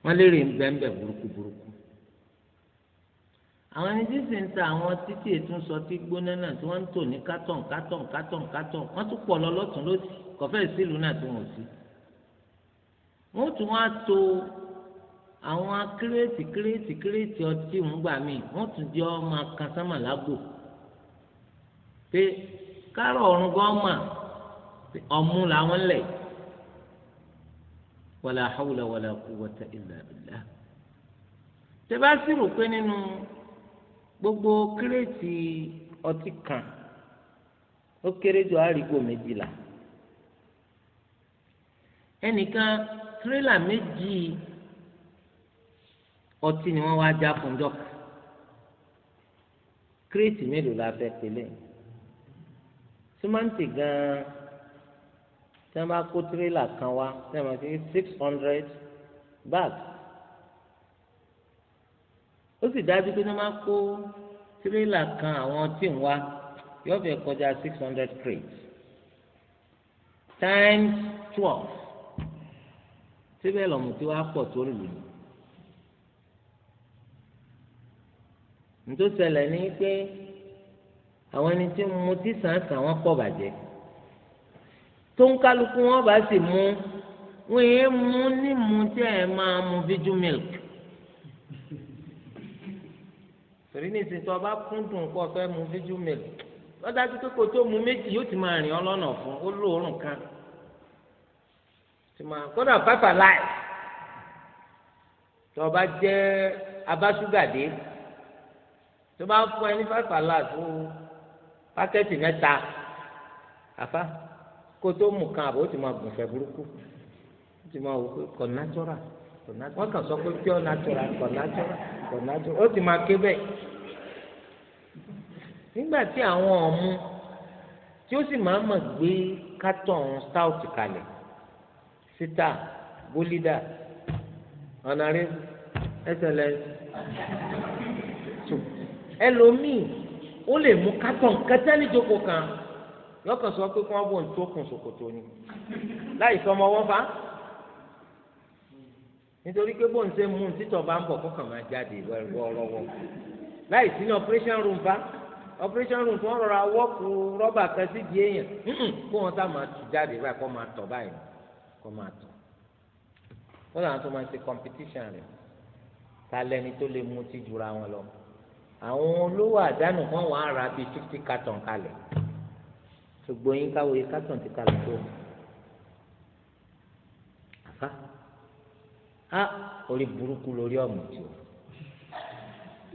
wọ́n lérè ń bẹ ń bẹ burúkú burúkú àwọn ẹni tí sì ń ta àwọn títí ètò sọtí gbóná náà tí wọ́n ń tò ní kátọ̀n kátọ̀n kátọ̀n kátọ̀n wọ́n tún pọ̀ lọ lọ́tún lọ́sì kọfẹ́ sílùú náà tí wọ́n sí wọ́n tún wá to àwọn kírètì kírètì kírètì ọtí ń gbà mí wọ́n tún jẹ́ ọmọ akasámà lágbo pé kárọ̀ ọ̀run gan ọ̀mú làwọn lẹ̀ wàlà hawla wàlà quwwata illa billah. tẹ́bá sì rò pé nínú gbogbo kírètì ọtí kan ó kéré jù àrígbò méjìlá ẹnìkan tírélà méjì ọtí ni wọ́n wá já fúnjọ́ kírètì mélòó la fẹ́ pélé símáǹtì gan-an tí wọ́n bá kó tirẹ́là kan wá tí bá ti six hundred bag ó sì dájú pé tí wọ́n bá kó tirẹ́là kan àwọn tí ń wá yóò fẹ́ kọjá six hundred crates times twelve síbẹ̀ lọ́mù tí wàá pọ̀ tó lù ní. nítòsẹ̀lẹ̀ ni pé àwọn ẹni tí mo ti sàn sàn wọ́n pọ̀ bàjẹ́ tó ń kálukú wọn bá sì mú wọn èé mú ní mú tẹ ẹ máa mu fíjú milk torí ní ìsìn tó o bá kúndùn kó o fẹ́ mu fíjú milk lọ́dájú pé kò tó mu méjì yóò ti máa rìn ọlọ́nà fún ó lóorùn kan tí máa kódà pàpà láì tó o bá jẹ́ abásúgàdé tó bá fún ẹ ní pàpà láì fún pákẹ́tì mẹ́ta àfa kó tó mú kan àbò ó ti máa gùn fẹ́ burúkú ó ti máa wò pé kò nájọ́ra kò nájọ́ra wọ́n kàn sọ pé pure natural kò nájọ́ra kò nájọ́ra ó ti máa ké bẹ́ẹ̀ nígbà tí àwọn ọ̀mú tí ó sì máa mọ̀ gbé kátọ̀n stout kalẹ̀ sítà bólídà ọ̀nàrí ẹsẹ̀lẹ̀sì ẹlòmíì ó lè mú kátọ̀n kẹtẹ́lì jókòó kan yóò kàn sọ pé kí wọ́n bò ń tó kun ṣòkòtò ni láì sọ ọmọ wọn fa nítorí pé bóun ṣe mú un títọ̀ bá ń bọ̀ kọ́kàn máa jáde wọ́ọ́rọ́wọ́ láì sí ní operation room fa operation room tí wọ́n rọra wọ́ọ̀kù rọ́bà kan sí di èèyàn kó wọn sá máa tù jáde báyìí kó máa tọ̀ báyìí kó máa tọ̀ wọ́n làwọn tó máa ṣe competition rẹ̀ ta lẹni tó lè mú ti jura wọn lọ àwọn olówó àdánù kan wà á ra bíi fifty carton kalẹ̀ ṣùgbọ́n yín káwọ́ yín kátàn ti kálukú àfa á orí burúkú lórí ọ̀mùtí o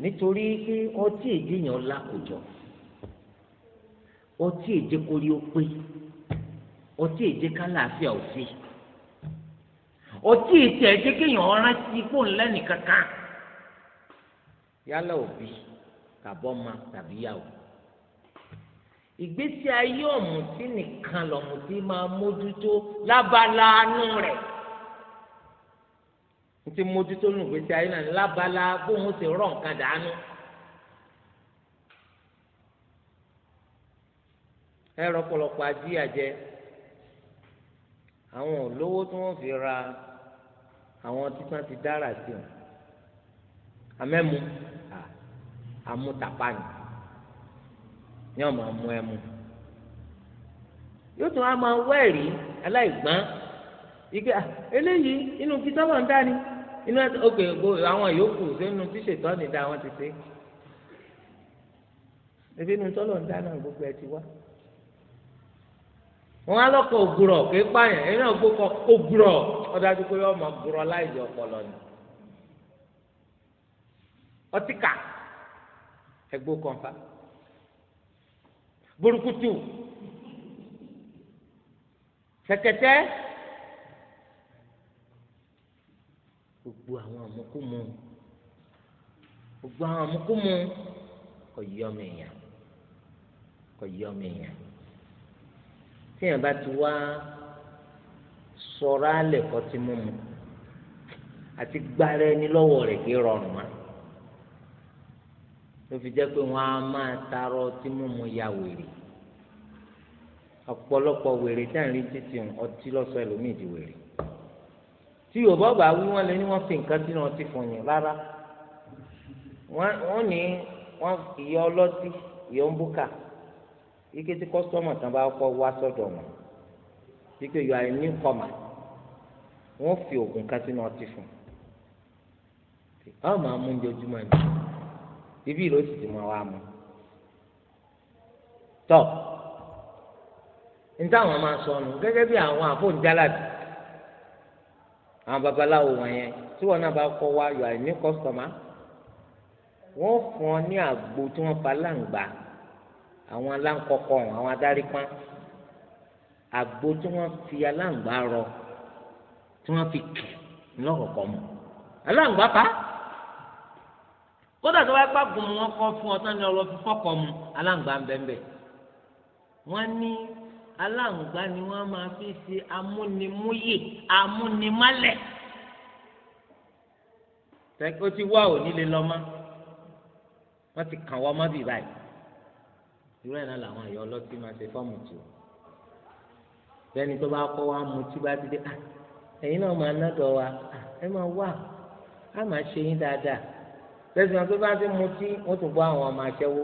nítorí pé ọtí èdèyàn lákòjọ ọtí èdè kórí ó pé ọtí èdè kálàáfíà òfin ọtí ètè ẹjẹ kéèyàn rántí kó ńlẹ nìkankan yálà òbí tàbọ́mà tàbí yàwó ìgbésí ayé ọ̀mùtí nìkan lọ̀mùtí máa mójútó lábala anú rẹ̀ ní ti mójútó nù ìgbésí ayé náà lábala bóun ti rọ̀ nǹkan dànù. ẹ̀rọ pọ̀lọpọ̀ ajíyàjẹ àwọn olówó tí wọ́n fi ra àwọn títàn ti dára sí wọn amẹ́mu àmútapá ni. ní ọmọ mú ẹ mu yóò tún wá máa wẹ́ẹ̀rí aláìgbọ́n ike ah, eléyìí inú kìtọ́bọ̀ ń dá ni inú ọkọ̀ ègbò àwọn yòókù sínú tíṣètọ́ ni dá wọn ti ṣe ebi inú tọ́lọ̀ ń dá náà gbogbo ẹ ti wá wọn alọkọ ògùrọ̀ kéé pààyàn ẹni náà gbókọ ògùrọ̀ ọdájú pé ọmọ ọpọlọ ni ọtíkà ẹgbó burúkutu sẹkẹtẹ gbogbo àwọn àmúkúmu gbogbo àwọn àmúkúmu kò yọ ọmọ èèyàn kò yọ ọmọ èèyàn tí èèyàn bá ti wá sọ̀rọ̀ alẹ́ kọ́ àti gbára ẹni lọ́wọ́ rẹ̀ kì í ló fi jẹ́ pé wọ́n á máa tarọ tí mímu ya wèrè ọ̀pọ̀lọpọ̀ wèrè dáìrín títì ọtí lọ́sọ̀ ẹlòmíì di wèrè tí yorùbá bá wí wọ́n lé ní wọ́n fi nǹkan sínú ọtí fún yín rárá wọ́n ní wọ́n ìyá ọlọ́tí ìyá ọ̀nbùkà ike tí kọ́sítọ́mù kan bá kọ́ wá sọ́dọ̀ wọn wípé yọ àìní kọ́mà wọ́n fi oògùn kan sínú ọtí fún un. báwo máa mú oúnjẹ ibi ìlú sì ti mọ wa mu tọ níta àwọn máa sọ nù gẹ́gẹ́ bí àwọn àfọ̀njálàbí àwọn babaláwo wọn yẹn tí wọn náà bá kọ wá yọ àìní kọsítọmà wọn fún ọ ní àgbo tí wọn pa láǹgbà àwọn aláǹkọkọ àwọn adarí pọn àgbo tí wọn fi aláǹgbà rọ tí wọn fi kì lọkọọkọ mọ aláǹgbà pa kódà tó bá pa gùnmù wọn kọ fún ọtán ni ọlọ fi fọkọ mu aláǹgbá ń bẹ́ẹ̀ bẹ́ẹ̀ wọ́n ní aláǹgbá ni wọ́n máa fi ṣe amúnimúyè amúnimálẹ̀ tẹ́kí ó ti wá òní lè lọ́mọ́ wọ́n ti kàn wọ́n mọ́bì báyìí irú ẹ̀ náà làwọn àyọ̀ ọlọ́tí máa ṣe fọ́ọ̀mù tì bẹ́ẹ̀ni tó bá kọ́ wa mu tí bá ti dé ah, ẹ̀yin náà máa nádọ̀ wa ah, ẹ máa wà á máa ṣe yín dáadáa lẹ́sìn náà tó bá ti mutí wọ́n tún bọ́ àwọn ọmọ aṣẹ́wó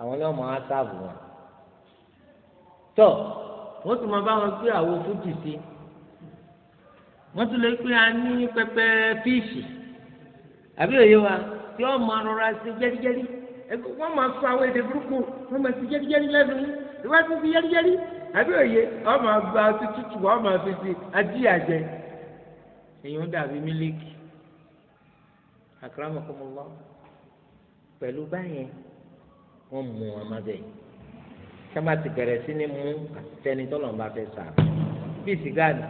àwọn ni wọ́n máa sáàbù wọn. tọ́ wọ́n tún máa bá wọn gbé àwo fújì sí wọ́n tún lè pé a ní pẹpẹ fíìsì àbí òye wa tí wọ́n máa rọra sí jẹ́ríjẹ́rí wọ́n máa sọ àwọn èdè burúkú wọ́n máa sí jẹ́ríjẹ́rí lẹ́nu ìwádìí sí jẹ́ríjẹ́rí àbí òye wọ́n máa gba ọtí tútù wọ́n máa fi sí ajíyàjẹ èèyàn dàbí mílíkì akramakumullah pẹ̀lú báyẹn wọ́n mú wọn má bẹ̀ sábà ti bẹ̀rẹ̀ sí ni mú àtẹni tọ́lọ̀ bá fẹ́ sà bíi sìgá ni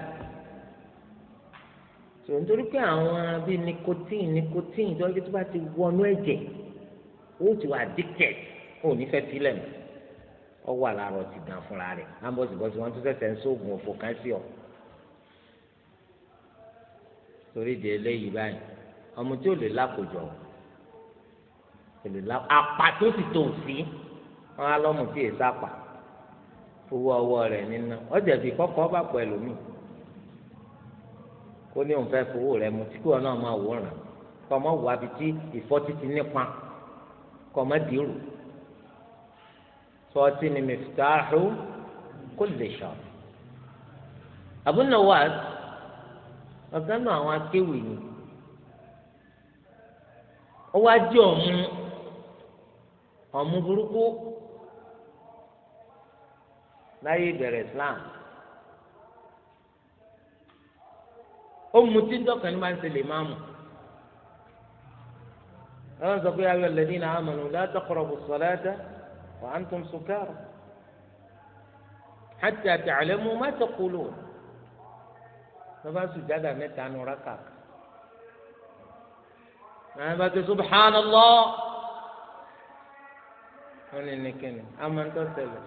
tò nítorí pé àwọn bíi nicotine nicotine tó yẹ kí tó bá ti wọnú ẹ̀jẹ̀ ó ti wà addicted ó ní fẹ́ filẹ̀ mọ́ ọ wà láàárọ̀ ti gan fúnra rẹ̀ ambọ̀sibọ̀sì wọn tún sẹ̀sẹ̀ ń sóògùn òfò kan sí ọ torí di eléyìí báyìí àmọ́ tí ò lè lákòjọ ò lè lá apá tó sì tó sí wọn á lọ́mù tí èsì apá owó ọwọ́ rẹ̀ nínú ọjà bíi kọ́kọ́ bá pọ̀ ẹlòmíì kó ní òun fẹ́ fowó rẹ̀ mu tí kò náà máa wòran kọ́ ọmọ wò abi tí ìfọ́ títí nípa kọ́ ọmọ dìrò sọ́ọ́tì ni miftahu kulli shar Abu Nawas ọ̀gá náà àwọn akéwì ni ó wá jẹ́ ọ̀mú ọ̀mú burúkú láyé ìbẹ̀rẹ̀ Islam ó mutí dọ́kàn ní máa ń ṣe lè máa mú ẹ̀rọ sọ pé ayọ̀ alladhina amanu la taqrabu as-salata wa antum sukara hatta ta'lamu ma taqulun lọ́ba sùjádà mẹ́ta nù rákàkà ẹ bá ti subhanallah wọn ní nìkíni àmọ́ ń tọ́ ṣẹlẹ̀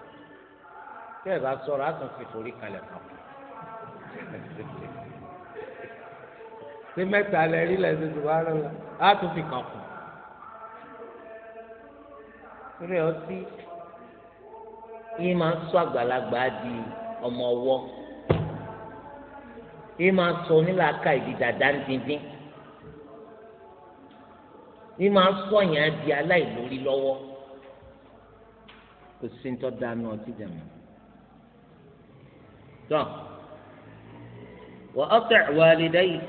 kí ẹ bá sọ̀rọ̀ àtún fi forí kalẹ̀ fún sí mẹ́ta lẹ rí lẹsẹ subhanallah àtún fi kàn kù rẹ ọtí yìí máa ń sọ àgbàlagbà di ọmọ ọwọ́ yìí máa ń sọ onílàákà ìdí dàda ń dín dín ní máa sọ̀yàn di aláìlórí lọ́wọ́ kò sí ní tọ́ da nu ọtí jàmá tọ́ wà ọ́tẹ̀ wàlídẹ́ yìí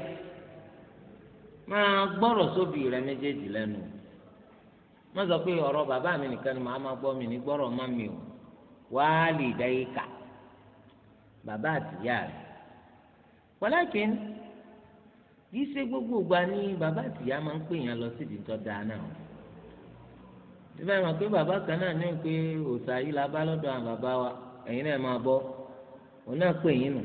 máa gbọ́rọ̀ sóbì rẹ méjèèjì lẹ́nu má sọ pé ọ̀rọ̀ bàbá mi nìkan ni màá máa gbọ́ mi ní gbọ́rọ̀ má mi o wàlídẹ́ yìí kà bàbá àtìyá rẹ̀ wọ́n lákìn kì í ṣe gbogbo ìgbà ni bàbá àtìyá máa ń pè yàn lọ síbi tó dáa náà síbẹ̀ mọ̀ pé bàbá kan náà ní pé òòsà yìí la bá lọ́dọ̀ àwọn bàbá wa ẹ̀yin náà máa bọ́ òun náà pè yín nù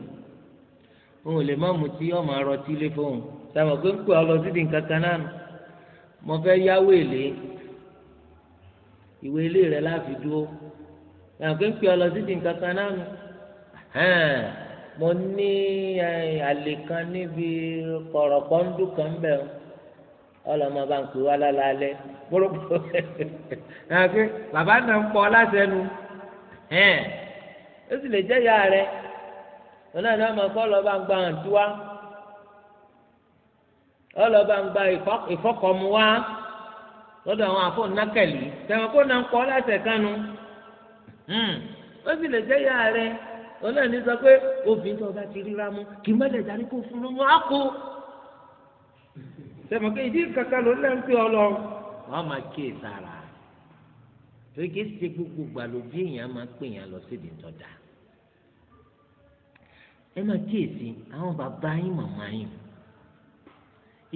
òun ò lè má mutí ọmọ arọtí lé fóun sábà pé ń pè ọ lọ síbi nǹkan kan náà mo fẹ́ yáwó èlé ìwé ilé rẹ̀ láfi dúró sábà pé ń pè ọ lọ síbi nǹkan kan náà mo ní eh, àlè kan níbi kọ̀rọ̀kọ́ńdù kan bẹ̀ ọ́ ọlọ́mọ bá ń pè wá lálẹ́ gbọ́dọ̀gbọ́ ẹ̀ bàbá náà ń pọ̀ lásẹ̀nu ẹ̀ ó sì lè jẹ́ ìyá rẹ̀ wọn náà ní ọmọ kọ́ lọ́ọ́ bá ń gba àǹtí wá ń gba ìfọkànmu lọ́dọ̀ àwọn àfọ̀nàkẹ̀lì tẹ̀wọ́n kó náà ń pọ̀ lásẹ̀ hmm. ó sì lè jẹ́ ìyá rẹ̀ wọn náà ní sọ pé obìnrin tó bá ti ríra mú kì í mẹ́lẹ̀ darí kó fún lóyún á kó sẹ́mi pé ìdí kankan ló lẹ́ ń pè ọ lọ wọ́n máa kí è e sára torí kì í ṣe gbogbo gbàlódé èèyàn máa pè yàn lọ síbi ìtọ́jà ẹ máa kíyèsí àwọn bàbá yín màmá yín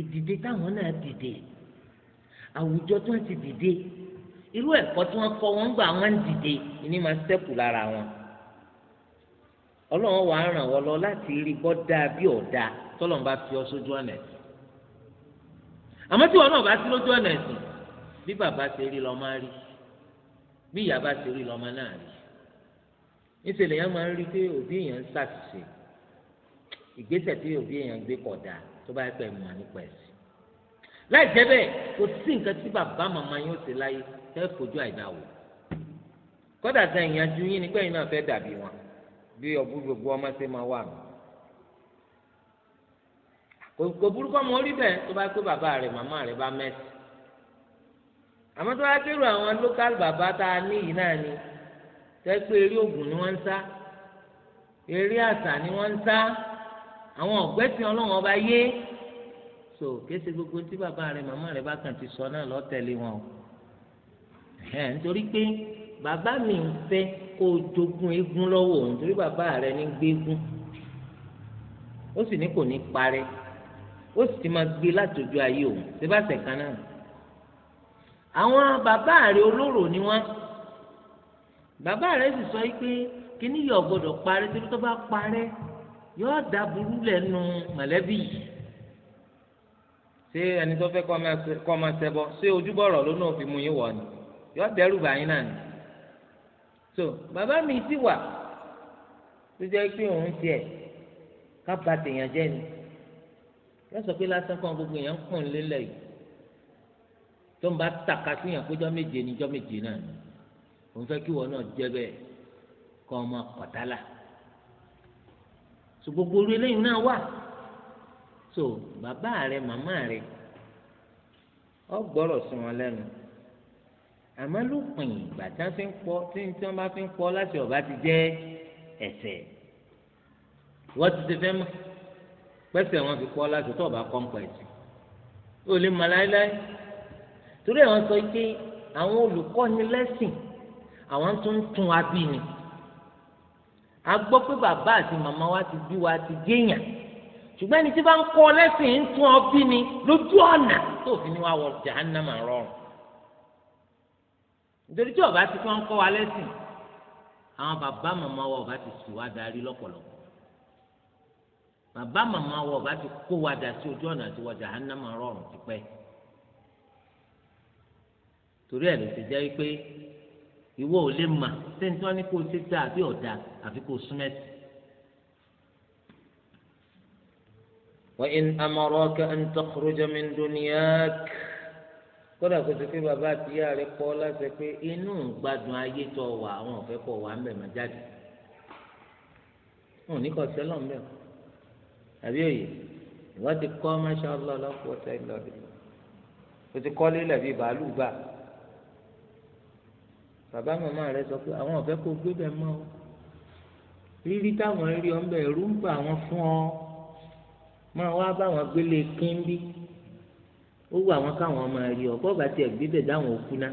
ìdìde táwọn náà dìde àwùjọ tí wọ́n ti dìde irú ẹ̀kọ́ tí wọ́n kọ́ wọn gbà wọ́n ń dìde ìní máa ṣẹ́kù lára wọn ọlọ́run wàá ràn wọ́n lọ láti rí bọ́ dáa bí ọ̀dà tọ́lọ́run bá fi ọ sójú ọ̀nà ẹ̀sìn àmọ́ tí wọn náà bá sí lójú ọ̀nà ẹ̀sìn bí bàbá ṣe rí lọ́mọ rí bí ìyá bá ṣe rí lọ́mọ náà rí níṣẹ́ lèèyàn máa ń rí pé òbí èèyàn ń ṣàṣìṣe ìgbésẹ̀ tí òbí èèyàn gbé kọ̀ dáa tó bá pẹ̀ mọ̀ nípa ẹ̀sìn láì jẹ́ bẹ́ẹ̀ kò sí nǹkan tí bàbá màmá yóò ṣe láyé tẹ́ fojú àìdáwò kódà sẹ́yìn yanjú yín ni pẹ́yìn náà fẹ́ dàbí wọn bí ọ̀bú gbogbo ọmọ ṣe máa wà nù. kò burúkọ mọ orí bẹ́ẹ̀ tó bá pé bàbá rẹ̀ màmá rẹ̀ bá mẹ́sì. àmọ́ tó bá kérò àwọn local bàbá tá a ní yìí náà ni tẹ́ pé eré ògùn ni wọ́n ń sá eré àṣà ni wọ́n ń sá àwọn ọ̀gbẹ́sìn ọlọ́run ọba yé so kése gbogbo tí bàbá rẹ̀ màmá rẹ̀ bá kàn ti sọ náà lọ́ọ́ tẹ̀lé wọn o nítorí pé bàbá mi ń fẹ́ kó o jogún eégún lọ́wọ́ òun torí bàbá rẹ ní gbé eégún ó sì ní kò ní parẹ́ ó sì ti máa gbé látọjú ayé òun síbáṣẹ kan náà àwọn bàbá rẹ olóró ni wọn bàbá rẹ sì sọ pé kíní yọ gbọ́dọ̀ parẹ́ torí tó bá parẹ́ yóò da burú lẹ́nu mọ̀lẹ́bí yìí ṣé ẹni tó fẹ́ kọ́ máa ṣẹbọ ṣé ojúbọ̀rọ̀ ló náà fi mú yín wọ̀ ni yóò dẹ́rù bàyín náà ni so bàbá mi sì wà tó jẹ́ pé òun tiẹ̀ ká ba tèèyàn jẹ́ ni yóò sọ pé lásán kan gbogbo èèyàn ń kàn lélẹ̀ yìí tó ń bá tàka sí yàn pé jọ́ méje ni jọ́ méje náà ni òun fẹ́ kí wọn náà jẹ́ bẹ́ẹ̀ kọ́ ọmọ kọ̀tálà so gbogbo orí eléyìí náà wà so bàbá rẹ màmá rẹ ọ gbọ́rọ̀ sí wọn lẹ́nu àmọ́ lópin ìgbà tí wọ́n fi ń pọ̀ tí wọ́n bá fi ń pọ̀ láti ọ̀bá ti jẹ́ ẹ̀ṣẹ̀ wọ́n ti ti fẹ́ mọ̀ pẹ́sẹ̀ wọn fi pọ̀ láti tó ọ̀bá kọ́ńpẹ̀tì ó lè mọ láéláé torí àwọn sọ pé àwọn olùkọ́ni lẹ́sìn àwọn tó ń tún wa bí ni a gbọ́ pé bàbá àti màmá wa ti bí wa ti géèyàn ṣùgbọ́n ẹni tí bá ń kọ́ lẹ́sìn ń tún ọ bí ni lójú ọ̀nà tó fi ni wá wọ jahannama rọrùn nítorí tí ọba ti kọ́ kọ́ wa lẹ́sìn àwọn bàbá màmá wa ọba ti sì wá darí lọ́pọ̀lọpọ̀ bàbá màmá wa ọba ti kó wa dà sí ojú ọ̀nà àti jahannama rọrùn tipẹ́ torí ẹ̀ ló ti jẹ́ pé ìwọ ò lè mà sẹ́ni ní kó o ṣe dá àbí ọ̀dà àfi kó o súnmẹ́sì. وإن أمرك أن تخرج من دنياك kódà kó ti pé bàbá àti ìyá rẹ̀ pọ̀ láti pé inú gbádùn ayé tó wà àwọn ọ̀fẹ́ pọ̀ wà ń bẹ̀ má jáde wọn ò ní kọ́ sẹ́lọ̀ ń bẹ̀ àbí òye ìwádìí kọ́ máṣá ọlọ́ọ̀lọ́ kú ọ̀tá o ti kọ́ lélẹ̀ bíi bàálù gbà bàbá màmá rẹ̀ sọ pé àwọn ọ̀fẹ́ kò gbé bẹ́ẹ̀ mọ́ rírí táwọn rí ọ̀ ń bẹ̀ ẹ̀rú ń bà wọ́n fún ọ máa wá bá wọn gbélé kín ó wù àwọn káwọn máa rí ọ bọ́ọ̀bà tiẹ̀ gbígbẹ̀ dáhùn òkú ná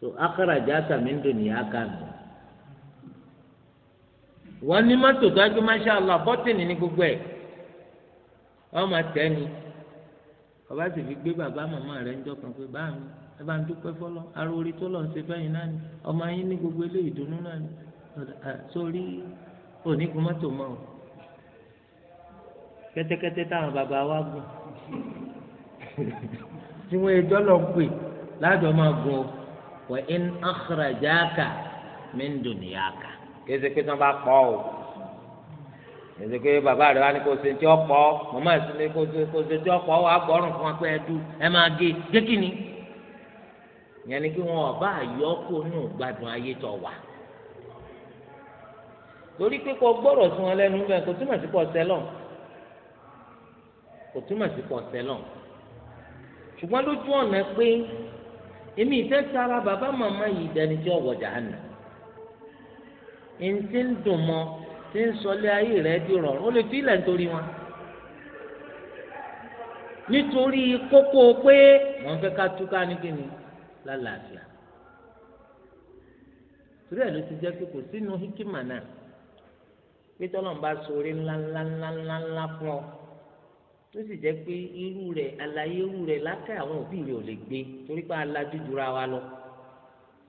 tó akárajá tàmí ń dòní àká mi. wọ́n ní mọ́tò dájú máṣá Allah bọ́tìnì ní gbogbo ẹ̀ wọ́n máa tẹ́ ni bàbá sì fi gbé bàbá màmá rẹ̀ ń jọ kan pé báà mi ẹ bá ń dúpẹ́ fọlọ́ ara orí tó lọ́n ṣe fẹ́yìn náà ni ọmọ yín ní gbogbo eléyìí dùnú náà ni sórí onígun mọ́tò mọ́ o kẹ́tẹ́kẹ́tẹ́ táwọn bàbá wa gùn tí wọ́n ẹjọ́ lọ pè lájọ máa gùn wọ́n in akhrajaka min dunyaka kéde pé tán bá pọ̀ o kéde pé bàbá rẹ̀ wá ní kó ṣe tí ó pọ̀ màmá ẹ̀ sì ní kó ṣe tí ó pọ̀ wà á gbọ́rùn fún wọn pé ẹ dú ẹ máa gé gé kínní yẹn ni kí wọn ọba àyọkọ nù gbádùn ayé tó wà torí pé kò gbọ́rọ̀ sí wọn lẹ́nu bẹ́ẹ̀ kò túmọ̀ sí pọ̀ sẹ́lọ̀ kò túmọ̀ sí pọ̀ sẹ́lọ̀ ṣùgbọ́n lójú ọ̀nà pé èmi ìfẹ́ sara bàbá màmá yìí dẹni tí ọ̀wọ̀ jàánù ẹni tí ń dùn mọ́ tí ń sọlé ayé rẹ̀ di rọrùn ó lè fi ilẹ̀ nítorí wọn nítorí kókó pé wọ́n fẹ́ ká túká ní kíni lálàáfíà torí ẹ̀ ló ti jẹ́ pé kò sínú hikima náà pé tọ́lọ́mùbá sọ orí ńláńláńláńlá fún ọ tó sì jẹ́ pé irú rẹ̀ àlàyé irú rẹ̀ lákà àwọn òbí mi ò lè gbé torí pé alájú jura wa lọ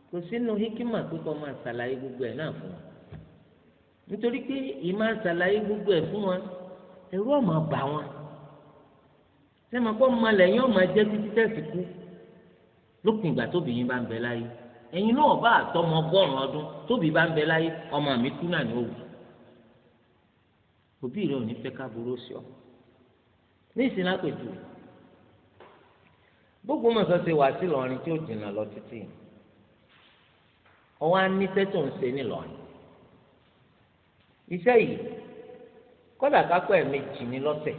kò sínú hikima pé kó máa ṣàlàyé gbogbo ẹ̀ náà fún wa nítorí pé ìmáa ṣàlàyé gbogbo ẹ̀ fún wa ẹ̀rú ọ̀mà bà wọn sẹ́mi kọ́ ọmọ lẹ́yìn ọmọ jẹ́ títí tẹ̀sí kú lópin ìgbà tóbi yín bá ń bẹ láyé ẹ̀yin náà bá àtọmọ ọgọ́rùn ọdún tóbi bá ń bẹ láyé ọmọ mi kú náà ní òwú òbí rẹ ò ní fẹ́ ká burú sí ọ ní na lápèjú gbogbo mọ̀sán ṣe wà sí Ìlọrin tí ó jìnnà lọ títì ọwọ́ á ní tẹ́tò ń ṣe nílọrin iṣẹ́ yìí kọ́dà kápẹ́ méjì ní lọ́sẹ̀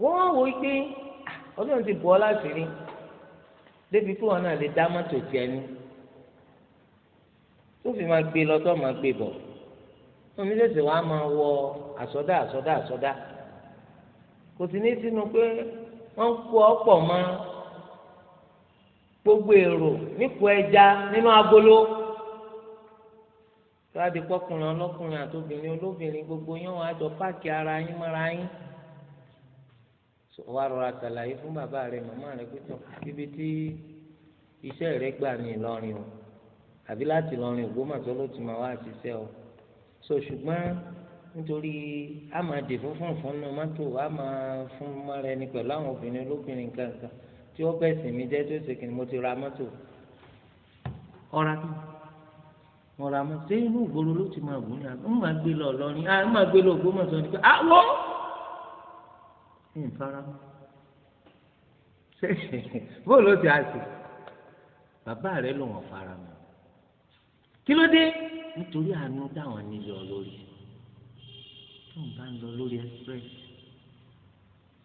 wọ́n wá wò ó ah, ọlọ́run ti bọ́ láti rí débi kí wọn náà lè dá mọ́tò tiẹ̀ ní tó fi máa gbé máa bọ̀. omi ṣẹ̀ṣẹ̀ wàá máa wọ àsọdá àsọdá àsọdá kò sì ní sínú pé wọ́n ń kó ọ̀pọ̀ mọ́ gbogbo èrò nípò ẹja nínú agolo tó a di pọkùnrin ọlọ́kùnrin àtòbìnrin olóbìnrin gbogbo yẹn wọ́n á jọ páàkì ara yín mọ́ra yín wàá rọra ṣàlàyé fún bàbá rẹ màmá rẹ pẹtọ ibi tí iṣẹ́ rẹ gbà ní Ìlọrin o àbí láti Ìlọrin Ògbómọ̀ṣọ́ ló ti máa wá ṣiṣẹ́ o so ṣùgbọ́n nítorí a máa dè fún fúnfún nínú mọ́tò a máa fún mọ́ra ẹni pẹ̀lú àwọn obìnrin olóbìnrin kankan tí ó bẹ̀sì mi jẹ́ tó ṣe kìnnìún mo ti ra mọ́tò ọ̀rá kan mo ra mọ́tò ṣé inú ìgboro ló ti máa wù ní àgbà ń máa gbé lọ lọ́rin à ń máa gbé lọ Ògbómọ̀ṣọ́ ni pé àwọ̀ ń fara mọ́ bóòlù ó ti àṣì bàbá rẹ̀ ló wọ̀n fara kí ló dé nítorí àánú táwọn nílò ọ lórí tó ń bá ń lọ lórí express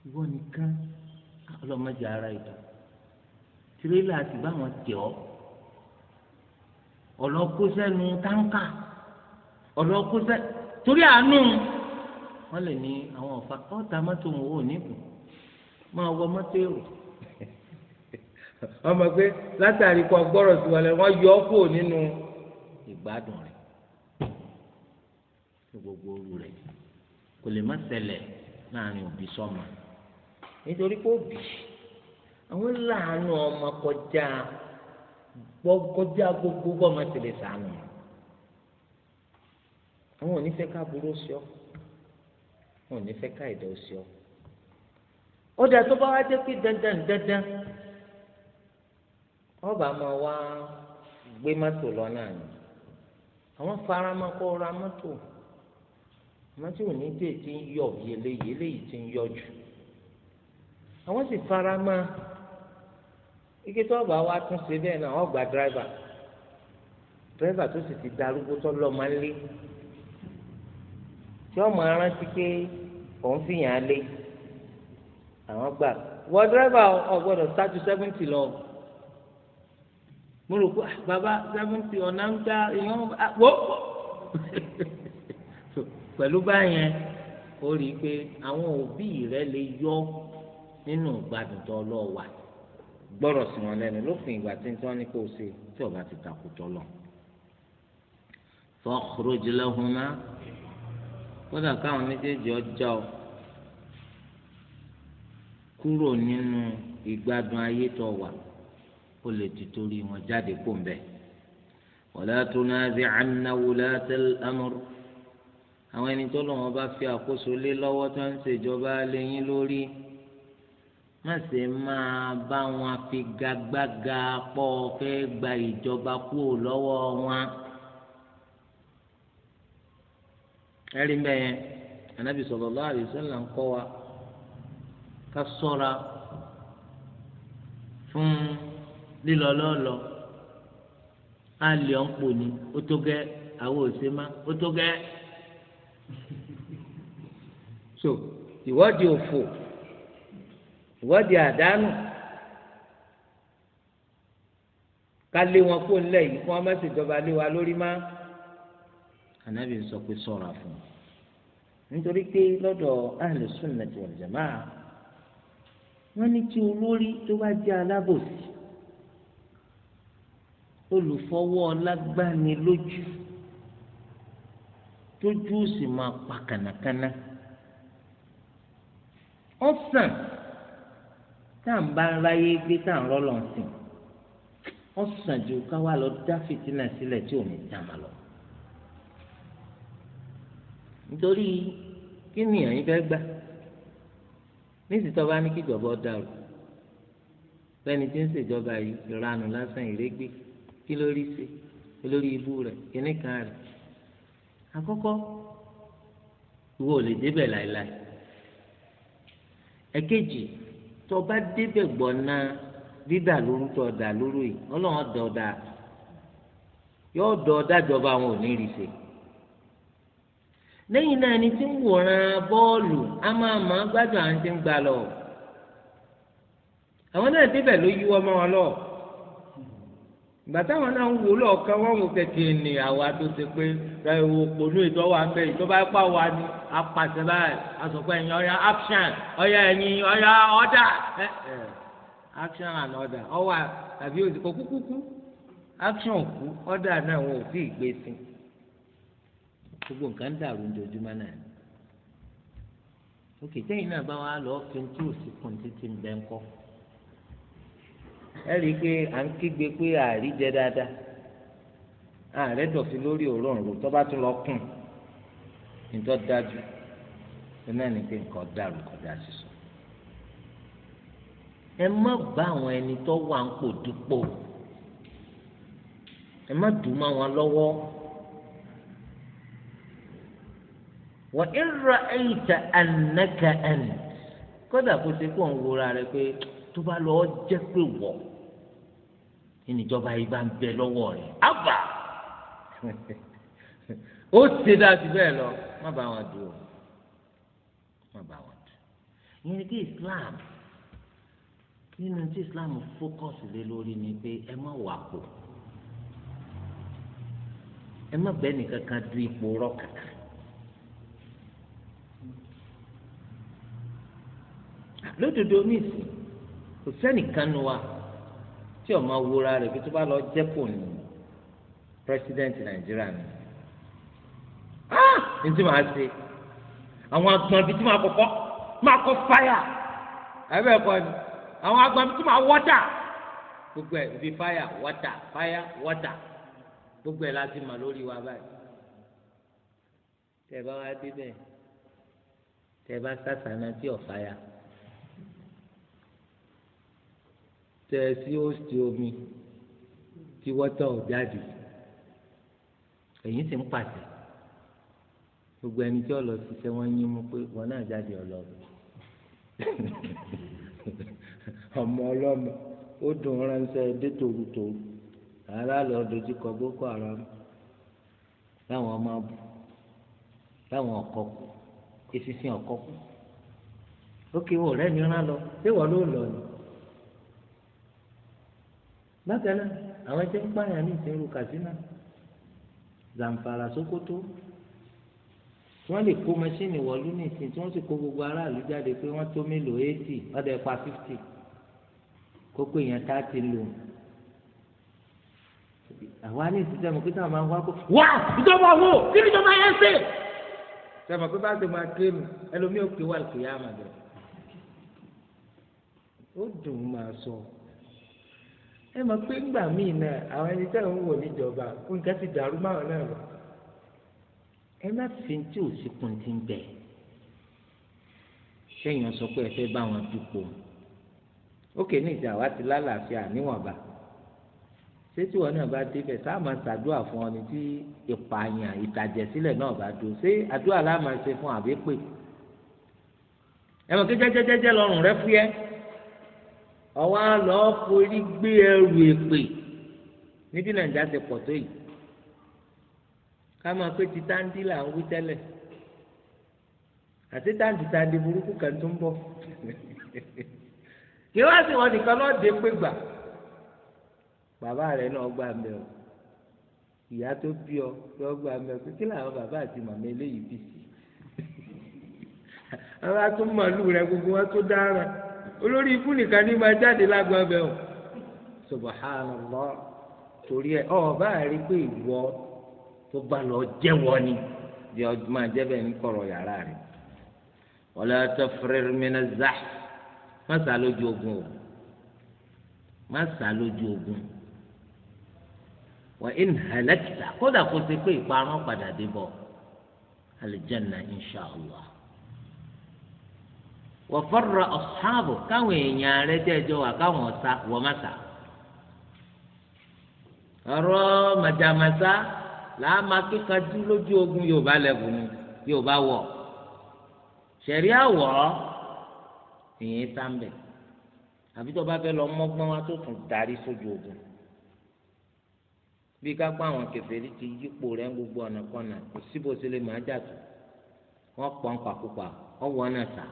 ìwọ nìkan ọlọmọdé ara ìdù tirẹ́là ti bá wọn tẹ̀ ọ́ ọlọ́kọ́sẹ́nu táǹkà ọlọ́kọ́sẹ́ torí àánú wọn lè ní àwọn ọ̀fà ọ̀tá mọ́tò wọn ò ní kù máa wọ mọ́tò èrò ọmọ pé látàrí kọ gbọ́rọ̀ sí wọlé wọ́n yọ ọ́ kúrò nínú ìgbádùn rẹ̀ ní gbogbo òru rẹ̀ kò lè má ṣẹlẹ̀ láàrin òbí sọ́mọ nítorí pé òbí àwọn láàánú ọmọ kọjá kọjá gbogbo bọ́mọ ti lè sànù àwọn fẹ́ ká burú sí ọ wọn ò fẹ́ ká sí ọ ó dà tó bá wá jẹ́ pé dandan dandan ọba máa wá gbé mọ́tò àmọ́ tí òní tè ti ń yọ bí eléyìí eléyìí ti ń yọ jù àwọn sì fara mọ́ ike tó bá wa tún ṣe bẹ́ẹ̀ náà ọgbà dírẹ́fà dírẹ́fà tó sì ti darúgbó tó lọ máa ń lé tí ọmọ arántí pé òun fìyàn á lé àwọn gbà wọ dírẹ́fà ọgbọ́dọ̀ ṣáájú sẹ́fúntì lọ mo rò pé ah, bàbá sẹ́fúntì ọ̀nà ń gbá ìyọ́n wọ́ pẹ̀lú báyẹn ó rí i pé àwọn òbí rẹ lè yọ nínú ìgbádùn tó lọ wà gbọ́rọ̀ sí wọn lẹ́nu lópin ìgbà tí wọ́n ní kó o ṣe tí ọba ti takò tọ́ lọ. fakhruj lahuma kódà káwọn méjèèjì ọjà ọ kúrò nínú ìgbádùn ayé tó wà ó lè ti torí wọn jáde kó ń bẹ. wala tunazi'anna wulatal amr àwọn ẹni tó lọ́wọ́ bá fi àkóso lé lọ́wọ́ tó ń ṣèjọba lẹ́yìn lórí má ṣe máa bá wọn fi gagbága pọ̀ fẹ́ gba ìjọba kúrò lọ́wọ́ wọn. ẹ̀rí mbẹ́ yẹn anabi sallallahu alaihi wasallam ń kọ́ wa ká sọ́ra fún lílọ lọ́ọ̀lọ́ á lè ọ́n pò ní ó tó gẹ́ àwọn òṣèmá ó tó gẹ́ so ìwọ́de òfò ìwọ́de àdánù ká lé wọn kó ńlẹ̀ yìí kí wọ́n má ṣèjọba lé wa lórí má ànábì sọ pé ṣọ́ra fún un nítorí pé lọ́dọ̀ ahlu sunnati wal jamaa wọ́n ní tí olórí tó bá jẹ́ alábòsí olùfọwọ́ lágbáni lójú tójú sì máa pa kànákànná ó sàn tá à ń bá ráyé gbé tá à ń rọ́lọ́ sìn ó sàn ju ká wá lọ dá fìtínà sílẹ̀ tí òun dá máa lọ nítorí kí nìyàn yín fẹ́ gbà níìsí bá ní kí ìjọba ọ tí ń ṣèjọba yìí lásán kí ibú rẹ̀ rẹ̀ àkọ́kọ́ ìwọ ò lè débẹ̀ láéláé ẹ̀kejì tó bá débẹ̀ gbọ̀nà dídà lóru tó ọ̀dà lóru yìí ọlọ́run ọ̀dà ọ̀dà yóò jọba àwọn ò ní rí náà ẹni tí ń wòran bọ́ọ̀lù á máa máa ń gbà lọ àwọn náà débẹ̀ ló yíwọ́ mọ wọn lọ. ìgbà táwọn náà ń wò lọ́ọ̀kan wọ́n wò kẹ̀kẹ́ ní àwa tó ṣe pé ẹ̀wò òpònú ìtọ́wà ń bẹ ìjọba ẹ̀pá wa ni apàṣẹ báyìí asọ̀pọ̀ ẹ̀yìn ọ̀yà action ọ̀yà ẹ̀yìn ọ̀yà order action and order ọwà àbí òsìkò kúkúkú action kú order náà wọn ò tí ì gbé sí gbogbo nǹkan dàrú ojoojúmọ́ náà òkè tẹ́yìn náà bá wa lọ́ọ́ fi ń tú òsìkò títí ń bẹ́ ń kọ́ ẹ rí i pé à ń kígbe pé àárí jẹ dáadáa ààrẹ dọ̀fin lórí òróǹro tó bá tún lọ kùn nítọ́ dájú náà ni pé nǹkan dàrú kọjá sísọ. ẹ má bá àwọn ẹni tó wà ń pò dúpọ̀ ẹ má dùn mọ́ wọn lọ́wọ́. وإن رأيت أنك أنت kódà kó ṣe kó ń wúra rẹ pé tó bá lọ jẹ́ pé wọ̀ ìníjọba yìí bá ń bẹ lọ́wọ́ rẹ̀ ábà ó ṣe dájú bẹ́ẹ̀ lọ má bá wọn dùn ó má bá wọn dùn ìyẹn ní kí Islam nínú tí Islam fókọ̀sì lé lórí ni pé ẹ má wà pò ẹ má bẹ́ẹ̀ nìkan kan du ipò rọ lódodo ní ìsìn kò sẹ́nìkan nu wa tí o máa wúra rẹ̀ kí tó bá lọ jẹ́pò ní pírẹsidẹ́ǹtì nàìjíríà ni ah! ní tí màá ṣe àwọn agbọ̀n bíi tí màá kọ́kọ́ máa kọ́ fáyà àbẹ̀ ẹ̀kọ́ ni àwọn agbọ̀n bíi tí màá wọ́tà gbogbo ẹ̀ ibi fáyà wọ́tà fáyà wọ́tà gbogbo ẹ̀ láti mà lórí wa báyìí tẹ̀ bá wá dé tẹ̀ bá sàṣàna tí ò fáyà. tẹ sí òsì omi tí wọ́tọ̀ ò jáde èyí sì ń pàṣẹ gbogbo ẹni tí ọlọ ṣiṣẹ́ wọn yín mú pé wọn náà jáde ọlọ ọmọ ọlọmọ ó dùn ránṣẹ́ dé tòrutòru ara lọ dojú kọ boko haram láwọn ọmọ abù láwọn ọkọ kù eṣinṣin ọkọ kù ó kí wọn ọ̀rẹ́ mi rán lọ ṣé wọn ló lọ ni bákan náà àwọn ẹtẹ ń pààyàn ní ìsinru Katsina Zamfara Sokoto wọ́n lè kó mẹsìnì wọ̀lú ní ìsìn tí wọ́n sì kó gbogbo aráàlú jáde pé wọ́n tó mélòó eighty ọdẹ pa fifty kókó èèyàn tá a ti lò àwa ní ìsìtẹ́ mọ̀ pé táwọn máa ń wá kó wá ìjọba wo kí ni ìjọba yẹn ṣe sẹ́mi pé bá a ti máa ké mi ẹlòmíì ò ké wà lùkìyà àmàdé ó dùn máa sọ. So ẹ mọ̀ pé ńgbà míì náà àwọn ẹni tẹ́ ń wò níjọba kó nǹkan ti dàrú máwọn náà lọ ẹ má fi tí ò sí kun ti ń bẹ̀ sẹ́yìn sọ pé ẹ fẹ́ bá wọn dupò ókè ní ìjà wa ti lálàáfíà níwọ̀nba sétí wọn náà bá débẹ̀ tá a máa ṣàdúrà fún ọ ní tí ìpààyàn ìtàjẹ̀sílẹ̀ náà bá dùn ṣé àdúrà láà ṣe fún àbí pè ẹ mọ̀ kí jẹ́jẹ́jẹ́jẹ́ lọ́rùn rẹ fúyẹ́ ọwọ́ àlọ́ forí gbé ẹrù èpè níbi nàìjíríà ti pọ̀ tó yìí ká máa pé ti táǹdì là ń wí tẹ́lẹ̀ àti táǹdì táǹdì burúkú kan tó ń bọ̀ kí wá sí wọn nìkan náà dé pé gbà bàbá rẹ náà gbà mẹ o ìyá tó bí ọ lọ gbà mẹ o kí làwọn bàbá àti màmá eléyìí bì sí àwọn atúmọ̀lù rẹ gbogbo wọn tó dára olórí ikú nìkan ní máa jáde lágbo ẹbẹ o subhanallah torí ẹ ọ bá rí pé ìwọ tó bá lọ jẹwọ ni di ọdún máa jẹbẹ ní kọ̀rọ̀ yàrá rẹ wala tafrir min az-zahf má sá lójú ogun o má sá lójú ogun wa in halakta kódà kó ṣe pé ìparun padà dé bọ̀ aljanna insha wọ̀fọ́rọ̀ ọ̀sáàbù káwọn èèyàn rẹ jẹ́jọ́ wà káwọn ọ̀sá wọ́n má sá. ọ̀rọ̀ màjàmásá làá máa kíkanjú lójú ogun yorùbá lẹ́bùn ni yorùbá wọ̀ ṣẹ̀rí àwọ̀ èèyàn sáńbẹ̀ àbí tó bá fẹ́ lọ mọ́gbọ́n wa tó tún darí sójú ogun bí ká pa àwọn kèfèrí ti yípo rẹ̀ ń gbogbo ọ̀nà kọ́nà kò síbòsílẹ̀ máa jà tó wọ́n pọ̀ ń pàkópa ọ̀wọ́ náà sáà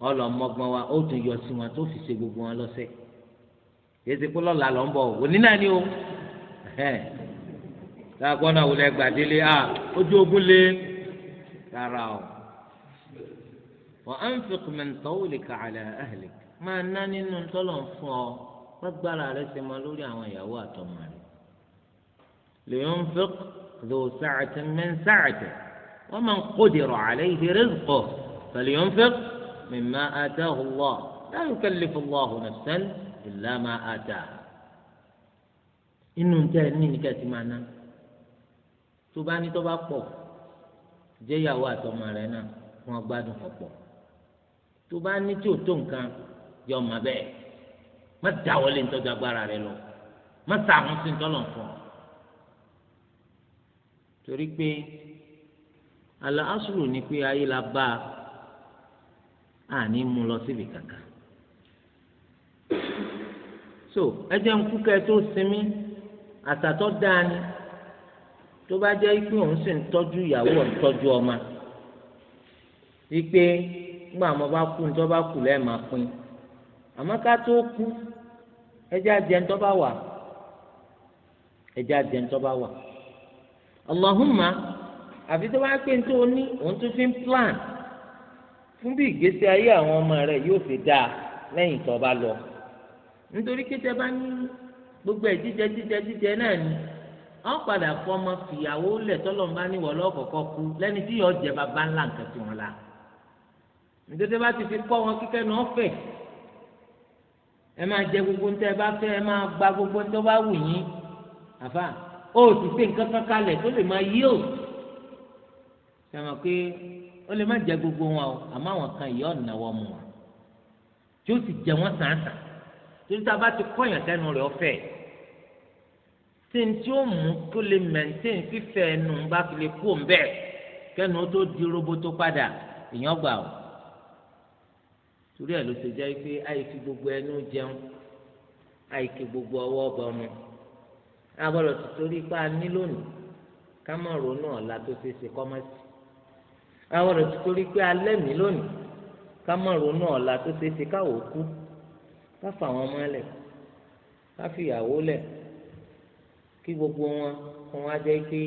ọlọmọgbọn wa ó tún yọ sí wọn tó fi ṣe gbogbo wọn lọ́sẹ̀ yéésì kó lọ́la lọ ń bọ̀ òní náà ni o láàgbọ́n náà wọlé gbàdélé a ojú ogun lé rárá o wọn á ń fi kùmẹ̀ntọ́ wòlé kàlẹ́ ẹ̀hìlẹ́ máa ná nínú tọ́lọ̀ fún ọ gbàgbára rẹ ṣe máa lórí àwọn ìyàwó àtọmọ rẹ lèyìn fún ذو سعة من سعته ومن قدر عليه رزقه فلينفق mimma ataahu Allah la yukallifu Allahu nafsan illa ma ataaha inú tẹ ní ní kẹsì máa ná tó bá ní tó bá pọ̀ jẹ́yàwó àtọmọ rẹ̀ náà wọ́n gbádùn ọ̀pọ̀ tó bá ní tí ò tó nǹkan yọ ọmọ bẹ́ẹ̀ má dáwọ́lé ntọ́jú agbára rẹ̀ lọ má sàrún sí ntọ́lọ̀ fún ọ torí pé àlà asùlù ni pé ayé la bá a àní mú lọ síbi kankan so ẹ jẹ́ ń kú kẹ́ tó sinmi àtàtọ́ dáa ni tó bá jẹ́ pé òun sì ń tọ́jú ìyàwó òun tọ́jú ọmọ wípé nígbà mo bá kú nítorí bá kú lẹ́ẹ̀ máa pín àmọ́ ká tó kú ẹjẹ́ àjẹ́ nítorí bá wà ẹjẹ́ àjẹ́ nítorí bá wà Allahumma àfi tó bá pé nítorí òun tún fi ń plan fún bí ìgbésí ayé àwọn ọmọ rẹ yóò fi dáa lẹ́yìn tó bá lọ nítorí kété bá ní gbogbo ẹ̀ jíjẹ jíjẹ jíjẹ náà ni wọ́n padà fọ ọmọ fìyàwó lẹ̀ tọ́lọ̀ ń bá níwọ̀ lọ́kọ̀ọ̀kọ́ kú lẹ́ni tí yọ jẹ bàbá ńlá nǹkan tí wọ́n la nítorí bá ti fi kọ́ wọn kíkẹ́ náà fẹ̀ ẹ máa jẹ gbogbo ntẹ bá fẹ́ ẹ máa gba gbogbo ntẹ bá wù yín àfa ó ti pé nǹkan kankan lẹ̀ tó lè máa yí ò sẹ́wọ̀n pé ó lè má jẹ gbogbo wọn o àmọ́ àwọn kan yìí ọ̀nà wọn mu wọn tí ó sì jẹ wọn sàǹsà torí tá a bá ti kọ̀yàn sẹ́nu rẹ̀ ọ̀fẹ́ tí n tí ó mú kó lè mẹ̀ntẹ́n fífẹ́ ẹnu bá fi lè kú òun bẹ́ẹ̀ kẹ́nu tó di roboto padà èèyàn gbà o torí ẹ̀ ló ṣe jẹ́ pé àì fi gbogbo ẹnu jẹun àì kí gbogbo ọwọ́ ọba mu a gbọ́dọ̀ ti torí pa ní lónìí ká má ronú ọ̀la tó ṣe é ṣe kọ́mọ́sí àwọn ọ̀rọ̀ tó torí pé alẹ́ mi lónìí ká má ronú ọ̀la tó ṣe é ṣe káwọ́ kú ká fà wọn mọ́lẹ̀ ká fìyàwó lẹ̀ kí gbogbo wọn kó wọn á jẹ́ pé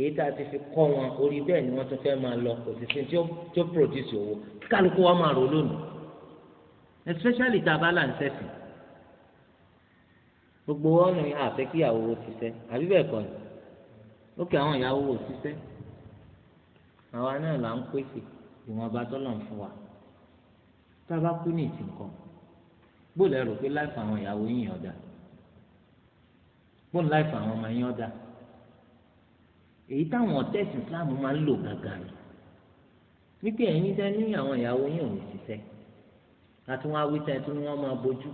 èyí tá a ti fi kọ́ wọn orí bẹ́ẹ̀ ni wọ́n tún fẹ́ máa lọ kò sì sí tí ó produce owó kálukú wa máa rò lónìí especially tá a bá là ń sẹ́sìn gbogbo wọn ni àfẹ́ kíyàwó wo ti sẹ́ àbí bẹ́ẹ̀ kọ́ ni ó kẹ́ àwọn ìyàwó ti sẹ́ àwa náà là ń pèsè ìwọ̀nba tọ́lọ̀ ń fún wa tá a bá kú ní ìtìǹkan gbọ́dọ̀ rò pé láìpẹ́ àwọn ìyàwó yìnyín ọ̀dà gbọ́dọ̀ láìpẹ́ àwọn ọmọ yìnyín ọ̀dà èyí táwọn ọ̀tẹ́sì Islam máa ń lò gàgà rẹ̀ wípé ẹ̀yin tẹ́ ní àwọn ìyàwó yìnyín ò ní ṣiṣẹ́ àti wọn awí tẹ́ tí wọ́n máa bójú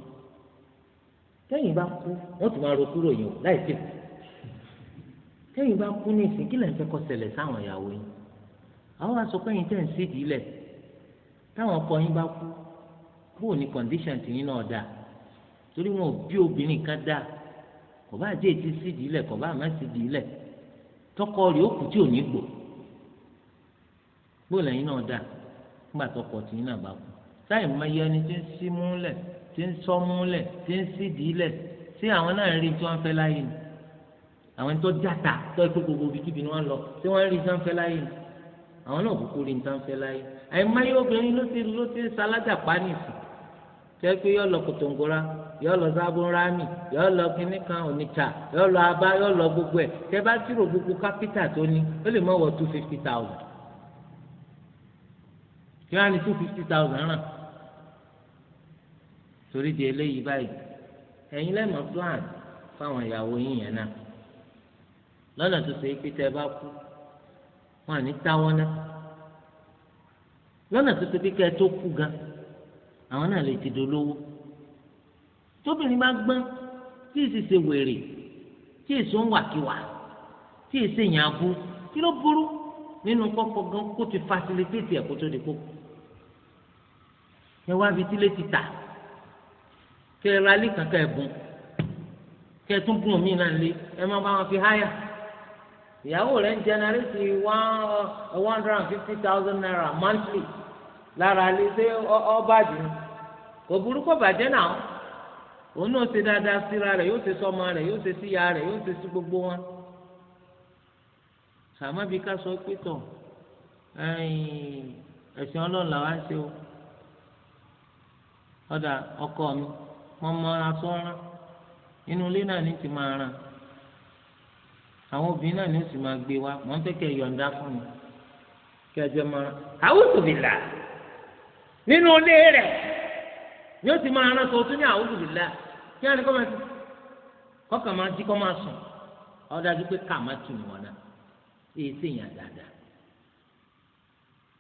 tẹ́yìn bá kú wọ́n tún máa ro kúrò yìí láì tẹ̀ tẹ́yìn bá kú ní ìsìn kí lẹ́yìn fẹ́ kọ́ ṣẹlẹ̀ sáwọn ìyàwó yìí àwọn asopẹ́yìn tẹ̀ ń sídìí ilẹ̀ táwọn ọkọ yín bá kú bóò ní kọ̀ǹdíṣàn tìyín náà dáa torí wọn ò bí obìnrin kan dáa kò bá jẹ́ ètí sídìí ilẹ̀ kò bá àmọ́ sídìí ilẹ̀ tọkọ rẹ̀ ó kù tí ò ní gbò bóò lẹ́yìn náà dáa nígbà tọkọ tìyín náà bá kú táyì máa yẹ ẹni tí ń sí múlẹ̀ tí ń sọ múlẹ̀ tí ń sídìí ilẹ̀ tí àwọn náà ń rí tí wọ́n fẹ́ láyé ni àwọn tó játa tó ẹgbẹ́ àwọn náà kúkú rí nǹkan fẹ́ láyé àìmáyé obìnrin ló ti ló ti sálájà pánìsì jẹ́ pé yọ lọ kòtòǹgòrà yọ lọ sábúnrámì yọ lọ kínní kan oníta yọ lọ abá yọ lọ gbogbo ẹ̀ tẹ́ bá tìrò gbogbo kápítà tó ní ó lè mọ̀ wọ two fifty thousand kí wọ́n á ní two fifty thousand ràn torí di eléyìí báyìí ẹ̀yin lẹ́mọ̀ plan fáwọn ìyàwó yín yẹn náà lọ́nà tó ṣe é pé bá kú wọn àní táwọ́ náà lọ́nà tó tóbi kẹ́ ẹ tó kú gan àwọn náà lè ti dolówó tóbìnrin bá gbọ́n tí èsì ṣe wèrè tí èso ń wàkiwà tí èsì yàn abú kí ló burú nínú kọ́kọ́ gan kó ti fasilitéètì ẹ̀kọ́ tó di kó ẹ wá fi tílé ti tà kẹ ẹ ra ilé kankan ẹ̀bùn kẹ ẹ tún gùn mí náà lé ẹ má bá wọn fi háyà. ìyàwó rẹ̀ ń jẹnẹrétì one hundred and fifty thousand naira monthly lára lè ṣe ọbàdì kò burúkú bàjẹ́ náà òun náà ṣe dáadáa síra rẹ̀ yóò ṣe sọ́mọ rẹ yóò ṣe síya yóò ṣe sí gbogbo wọn sàmọ́ ká sọ pé tọ̀ ẹ̀sìn ọlọ́run làwa ń ṣe o ọkọ mi mo mọ aṣọ rán inú ilé náà ní ti máa rán àwọn obìnrin náà ni ó sì máa gbé wa mọ̀ ń tẹ́kẹ̀ yọ̀ǹda fún mi kí ẹ jẹ́ máa àwùjọbìlà nínú ilé rẹ̀ ni ó sì máa rán aṣọ tó ní àwùjọbìlà kí wọ́n ní kọ́ máa ti kọ́kàn máa jí kọ́ máa sùn ọ́ dájú pé ká máa tù wọ́n náà èyí sèyàn dáadáa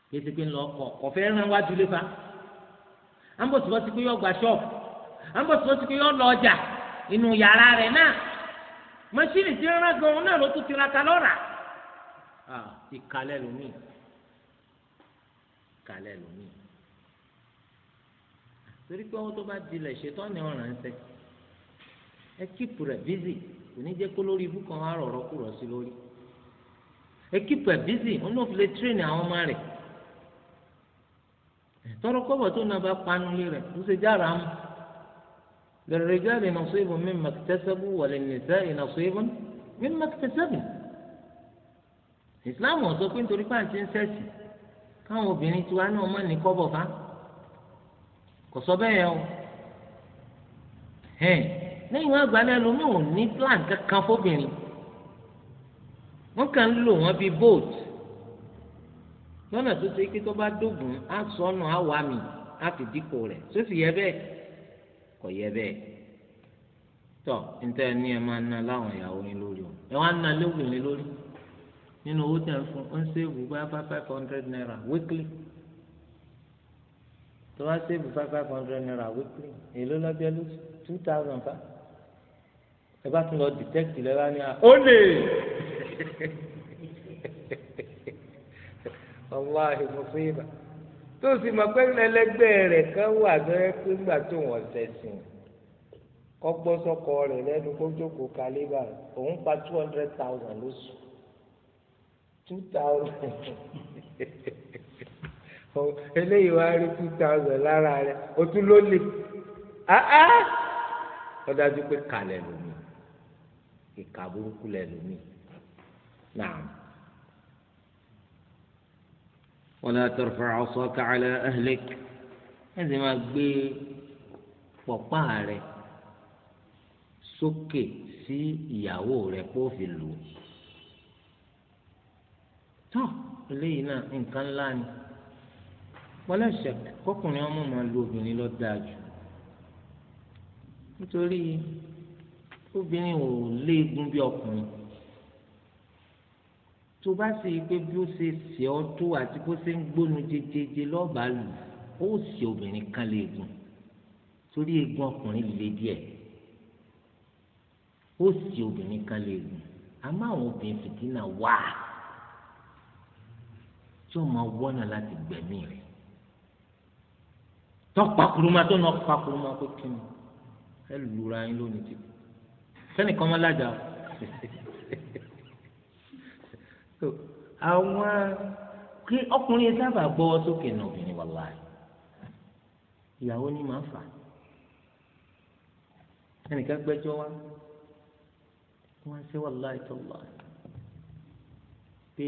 kí ẹ ti pé ńlọ ọkọ̀ ọ̀fẹ́ rán wájú lé fa à pé yọ gba ṣọ́ọ̀bù à pé yọ lọ ọjà inú yàrá rẹ̀ náà mọ́ṣíìnì tí rán gan òun náà ló tún tiraka lọ́ra ìkàlẹ̀ lómi ìkàlẹ̀ lómi torí pé owó tó bá dilẹ̀ ṣètò ni ọ̀ràn ń sẹ́ ẹ kíìpù rẹ̀ bízì kò ní jẹ́ kó lórí ibú kan wá rọ̀rọ̀ kúrọ̀ sí lórí ẹ kíìpù rẹ̀ bízì òun náà fi lè tírèènì àwọn ọmọ rẹ̀ tọrọ kọ́bọ̀ tó nàbà panu lé ló ṣe jára mú. للرجال نصيب مما اكتسبوا وللنساء نصيب مما اكتسبن ìsìláàmù ọ̀sọ́ pé nítorí pàǹtí كانوا sẹ́sì káwọn obìnrin tiwa náà má ní kọ́bọ̀ fá kò sọ bẹ́ẹ̀ yẹn o lẹ́yìn wọn àgbàlẹ́ lomi ò ní plan kankan fóbìnrin wọ́n kàn ń lò wọ́n bíi boat lọ́nà tó ṣe kí tó bá dógùn á sọnù á wà mí á fi dípò rẹ̀ tó sì yẹ bẹ́ẹ̀ kò yẹ bẹ́ẹ̀ tọ níta ẹni ẹ máa ná láwọn ìyàwó yín lórí o ẹ wá ná lóbìnrin lórí nínú owó a ń fún ó ń ṣèwù bá five hundred naira weekly tó bá ṣèwù bá five hundred naira weekly èló lọ́jọ́ ló two thousand fa ẹ bá tún lọ detect lẹ́la ní a ó lè wàláhi mo fi ibà tó sì mọ̀ pé ẹlẹgbẹ́ rẹ̀ kan wà lọ́yẹ́ pé ńgbà tó wọ́n sẹ̀sìn kọ́gbọ́ sọ́kọ rẹ̀ lẹ́nu kó jókòó kálíbà òun pa two hundred thousand lóṣù two thousand eléyìí wá rí two thousand lára rẹ̀ o tún ló lè ọ̀dájú pé kàlẹ́ lómi ìkà burúkú lẹ́ lómi náà. ولا ترفع عصاك على أهلك ẹsẹ̀ máa gbé pọ̀pá rẹ̀ sókè sí ìyàwó rẹ̀ kó fi lù ú. tó eléyìí náà nǹkan ńlá ni wọlé ṣe kọkùnrin ọmọ máa lu obìnrin lọ dáa jù nítorí obìnrin ò léegun bí ọkùnrin tó bá ṣe pé bí ó ṣe ṣe ọ́ tó àti bó ṣe ń gbónu jejeje lọ́ọ̀bà lù ó ṣe obìnrin kan lè gùn torí egun ọkùnrin lè díẹ̀ ó sì obìnrin kan lè gùn àmọ́ àwọn obìnrin fìtínà wà tí ó máa wọ́nà láti gbẹ̀mí rẹ̀ tó pakuruma tó náà pakuruma pé kí ni ẹ lura yín lónìí tí sẹ́nìkan máa lájà o. so àwọn kí ọkùnrin sábà gbọ́wọ́ sókè nà obìnrin wàlá ìyàwó ni màá fà ẹnìkan gbẹ́jọ́ wa wọ́n ṣe wàlá ìtọ́lá pé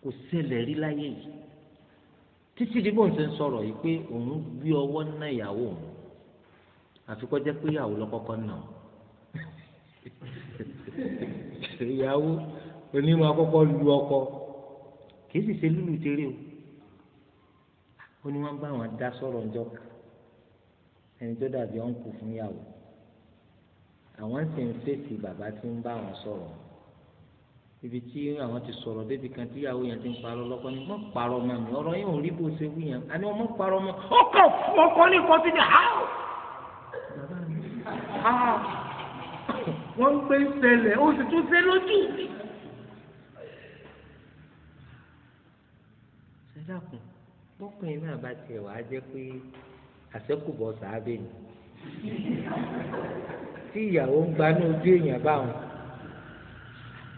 kò ṣẹlẹ̀ rí láyé yìí títí di bóun ṣe ń sọ̀rọ̀ yìí pé òun gbé ọwọ́ ná ìyàwó òun àfikọ́ jẹ́ pé ìyàwó lọ́kọ́kọ́ náà ìyàwó onímọ̀ akọ́kọ́ lu ọkọ kì í sì ṣe lùlù tẹ́lẹ̀ o ó ní wọ́n bá wọn dá sọ̀rọ̀ ọjọ́ ẹni tó dàbí ọ̀nkù fún yàwó àwọn sì ń fèsì bàbá tí ń bá wọn sọ̀rọ̀ ibi tí àwọn ti sọ̀rọ̀ débi kan tí ìyàwó yẹn ti ń parọ́ lọ́kọ́ ni wọ́n parọ́ mọ́ mi ọ̀rọ̀ yẹn ò rí bó ṣe wí yẹn àní wọ́n parọ́ mọ́ ọkọ̀ ọkọ̀ ní nǹkan ti dà á wọ́n ń gbé ń ṣẹlẹ̀ ó sì tún ṣe lójú mi. dákun bọ́kùnrin náà bá tiẹ̀ wàá jẹ́ pé àṣẹ́kùbọ̀ sàábẹ̀ ni tí ìyàwó ń gba ní ojú èèyàn báwọn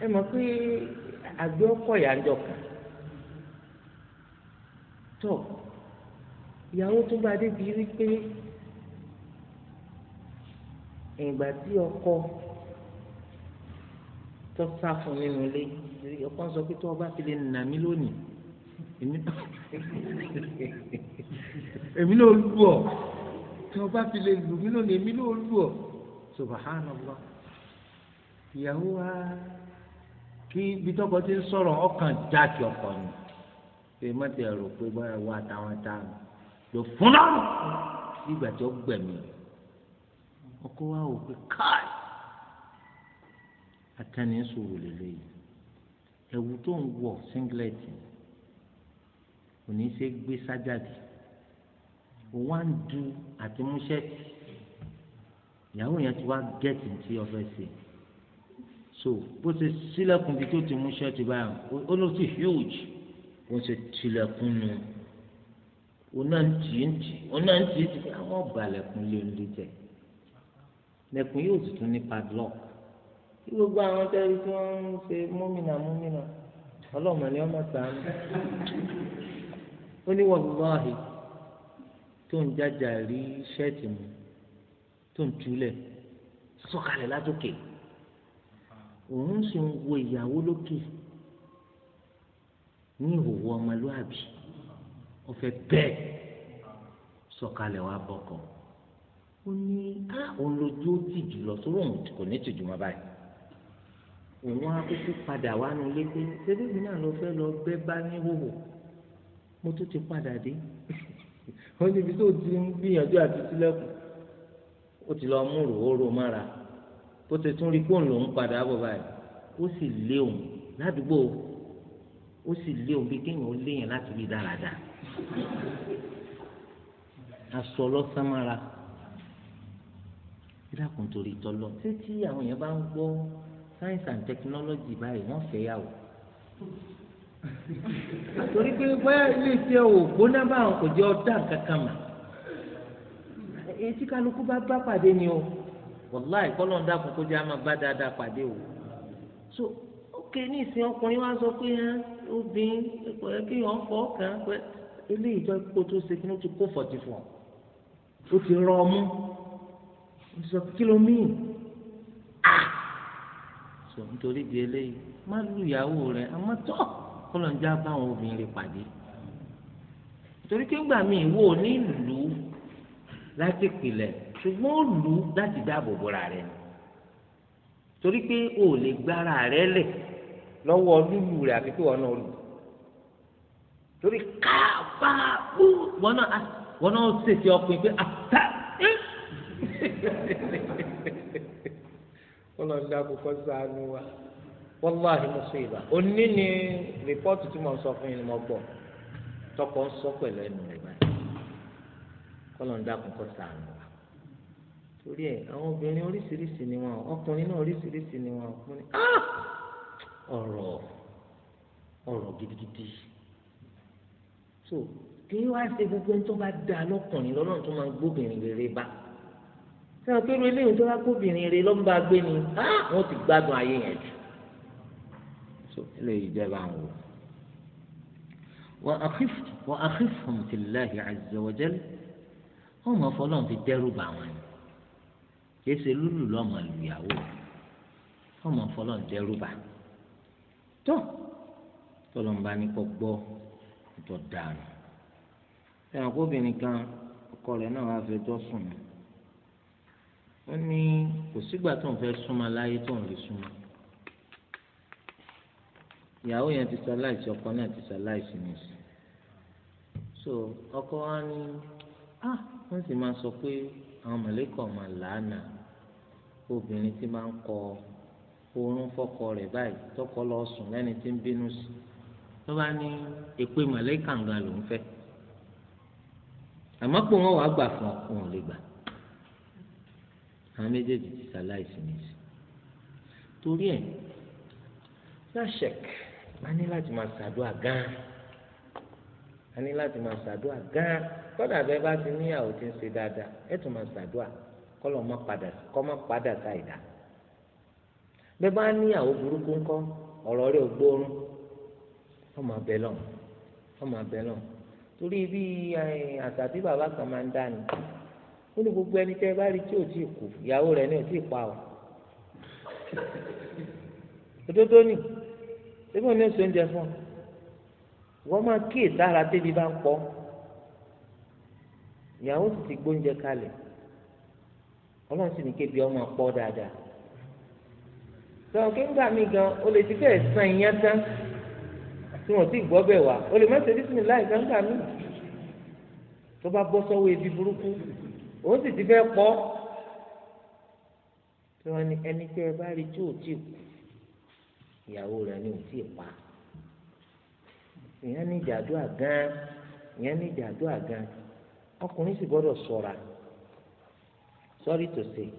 ẹ mọ̀ pé àgbẹ̀ ọkọ̀ ìyànjọ kan tó ìyàwó tó bá débi wípé ìgbà tí ọkọ tó sá fún nínú ilé ọkọ sọ pé tó o bá fi lè nà mí lónìí èmi náà lù ọ tí wọn bá fi lè lù mí lónìí èmi náà lù ọ subhanallah ìyàwó wa kí ibi tọkọ ti ń sọ̀rọ̀ ọkàn jáàkì ọkọ ni pé má ti rò pé báyà wá táwọn táwọn lò fún náà nígbà tí ó gbẹ̀mí ọkọ wa ò pé káì atani sòrò lélẹyìí ẹ̀wù tó ń wọ̀ singlet ni kò ní í ṣe gbé sájàdì òun á ń du àti múṣẹ́tì ìyàwó yẹn ti wá gẹ́ẹ̀tì tí ọfẹ́ ṣe so bó ṣe sílẹ̀kùn bí tó ti múṣẹ́tì báyìí ó ló ti huge bó ṣe tilẹ̀kùn nù ọ̀nà ntì ntì ọ̀nà ntì ntì àwọn balẹ̀kùn lé ní tẹ lẹ̀kùn yóò tuntun ní padlock kí gbogbo àwọn tẹ́lẹ̀ tí wọ́n ń ṣe múmìnà múmìnà ọlọ́mọ ni wọ́n mọ̀ sáà ó ní wàlúwàhì tó ń jájà rí ṣẹ́ẹ̀tì mu tó ń túlẹ̀ sọ̀kalẹ̀ látòkè òun sì ń wo ìyàwó lókè ní ìhòòhò ọmọlúàbí ọ̀fẹ́ bẹ́ẹ̀ sọ̀kalẹ̀ wà bọ̀kọ̀ ó ní á òun lójú ó tì jùlọ sórí òun kò ní tìjú mọ́ báyìí òun á kúkú padà wá nulẹ̀ pé ṣébí mi náà ló fẹ́ lọ gbé bá ní hòhò mo tún ti padà dé wọ́n níbi tó ti ń gbìyànjú àti sílẹ̀kùn ó ti lọ mú ròóró mára bó ti tún rí kóun lòún padà bọ̀ báyìí ó sì lé òun ládùúgbò ó sì lé òun bí kéèyàn ó léèyàn láti rí dáradára aṣọ ọlọ́sán mára dídàkùn torí tọ́lọ́ títí àwọn èèyàn bá ń gbọ́ science and technology báyìí wọ́n fẹ́ yà wò torí pé bóyá ilé iṣẹ́ ò gbóná báwọn kò jẹ́ ọ̀dà kankan mà etí kálukú bá bá pàdé ni o wàláì kọ́lọ́n dàkún kó jẹ́ àmà bá dáadáa pàdé o so ok ní ìsìn ọkùnrin wa sọ pé hàn obìnrin kò yẹ kí wọn fọ ọkàn pé ilé ìjọ kó tó ṣe kí wọn ti kó fọ̀tì fọ̀ ó ti rọ ọmú ó sọ kí ló mìíràn ah so nítorí di eléyìí má lu ìyàwó rẹ àmọ́ tọ́ kó lọ́n já bá àwọn obìnrin pàdé torí pé ńgbà míì wo ní lù ú láti pìlẹ̀ ṣùgbọ́n ó lù ú láti dáàbò bora rẹ̀ torí pé o ò lè gbára rẹ̀ lẹ̀ lọ́wọ́ lúlù rẹ̀ àfi pé wọn náà lù torí káàbà bú wọn náà ah, ṣèṣe ọkùnrin pé àtà ẹ wọn lọ dáàbò kọ́ sànù wa wàláhi mùsíbà òní ni rìpọ́tù tí mo sọ fún yín ni mo gbọ́ tọkọ ń sọ pẹ̀lú ẹnu rẹ̀ báyìí kọ́lọ̀ ń dákun kọ́ sàánù wa torí ẹ̀ àwọn obìnrin oríṣiríṣi ni wọn ọkùnrin náà oríṣiríṣi ni wọn ọkùnrin ah! ọ̀rọ̀ ọ̀rọ̀ gidigidi so kí wá ṣe gbogbo ẹni tó bá da lọ́kùnrin lọ́lọ́run tó máa gbóbìnrin rere bá sẹ́wọ̀n kí ló eléyìí tó bá gbóbìnrin rere lọ́nba gbé ni ah! wọ́n ti gbádùn ayé yẹn jù so eléyìí jẹ́ bá ń wò. وأخفهم في الله عز وجل هم فلان في الدار بعوان يسألوا لهم اليهود هم فلان دار بعوان tó tọlọm bá ní kọ gbọ́ tó dànù ẹnì kó obìnrin kan ọkọ rẹ̀ náà wàá fẹjọ́ sùn ó ní kò sígbà tó ń fẹ́ súnmọ́ láyé tó ń lè súnmọ́ ìyàwó yẹn ti ṣaláìsí ọkọ náà ti ṣaláìsí ní sùn so ọkọ wa ní ah wọ́n sì máa sọ pé àwọn mọlẹkọ máa làánà obìnrin ti máa ń kọ oorun fọkọ rẹ̀ báyìí tọkọ lọ sùn lẹni tí ń bínú sí tó bá ní èpè mọ̀lẹ́kà ń gan ló ń fẹ́ àmọ́ pé wọ́n wàá gbà fún òun lè gbà àwọn méjèèjì ti ṣaláìsí ní sùn torí ẹ̀ ṣáṣẹ̀kì. a ní láti máa ṣàdúrà gan a ní láti máa ṣàdúrà gan kọ́dà bẹ́ẹ̀ bá ti níyàwó tí ń ṣe dáadáa ẹ tún máa ṣàdúrà kọ́lọ̀ má padà kọ́ má padà ta ìdá bẹ́ẹ̀ bá níyàwó burúkú ńkọ́ ọ̀rọ̀ rẹ̀ ò gbóòórùn ọmọ abẹ lọ ọmọ abẹ lọ torí bí àṣà tí bàbá kan máa ń dá ó ní gbogbo ẹni tẹ́ bá rí tí ò tí ì kú ìyàwó rẹ̀ ni ò tí ì pa ọ́ òdodo ni ṣébí òní oṣù oúnjẹ fún ọ wọ́n máa kíyè sára débi bá ń pọ̀ ìyàwó sì ti gbóúnjẹ kalẹ̀ ọlọ́run sì ní kébi ọmọ pọ̀ dáadáa sọ kéńgà mi gan o lè ti fẹ́ẹ̀ san ìyẹn tán tí wọ́n ti gbọ́ bẹ̀ wá o lè má ṣe bísí láì kéńgà mi tó bá bọ́ sọ́wọ́ ebi burúkú òun sì ti fẹ́ pọ̀ tí wọ́n ní ẹni tẹ́ ẹ bá rí tí ò tí kù. ìyàwó rẹ̀ ni ò tí pa ìyẹn ní ìjàdúrà gan ìyẹn ní ìjàdúrà gan ọkùnrin sì gbọ́dọ̀ ṣọ́ra sorry to say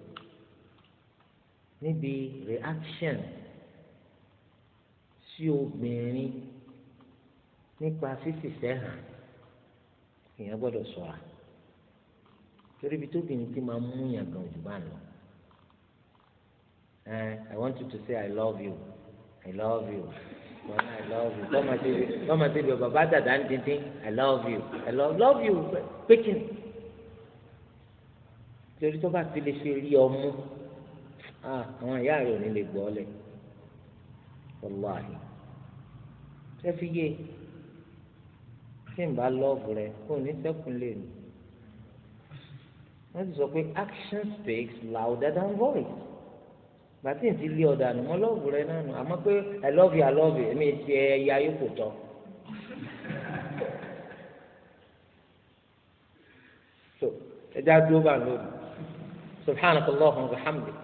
níbi reaction sí obìnrin nípa fífìfẹ́ hàn èèyàn gbọdọ sọra torí ibi tó bìnrin ti máa mú yàn gan jù bá lọ ẹ eh, i want you to say i love you i love you mama i love you mama ti mama ti bi baba dada ń dídín i love you i love love you pé kí ni torí tó bá ti lè ṣe rí ọmú àwọn ìyá rẹ ò ní lè gbọ́ lẹ̀ wàláhì ẹ fi yé tí n bá lọ́ọ̀bù rẹ kó o ní sẹ́kùn lè nù wọ́n ti sọ pé action speaks louder than voice bàtí ntí lé ọ̀dà nù mọ́ lọ́ọ̀bù rẹ náà àmọ́ pé i love you i love you èmi ti ẹ ya yóò kò tọ́. so ẹja dúró bá lónìí subhanaka allahumma wa bihamdik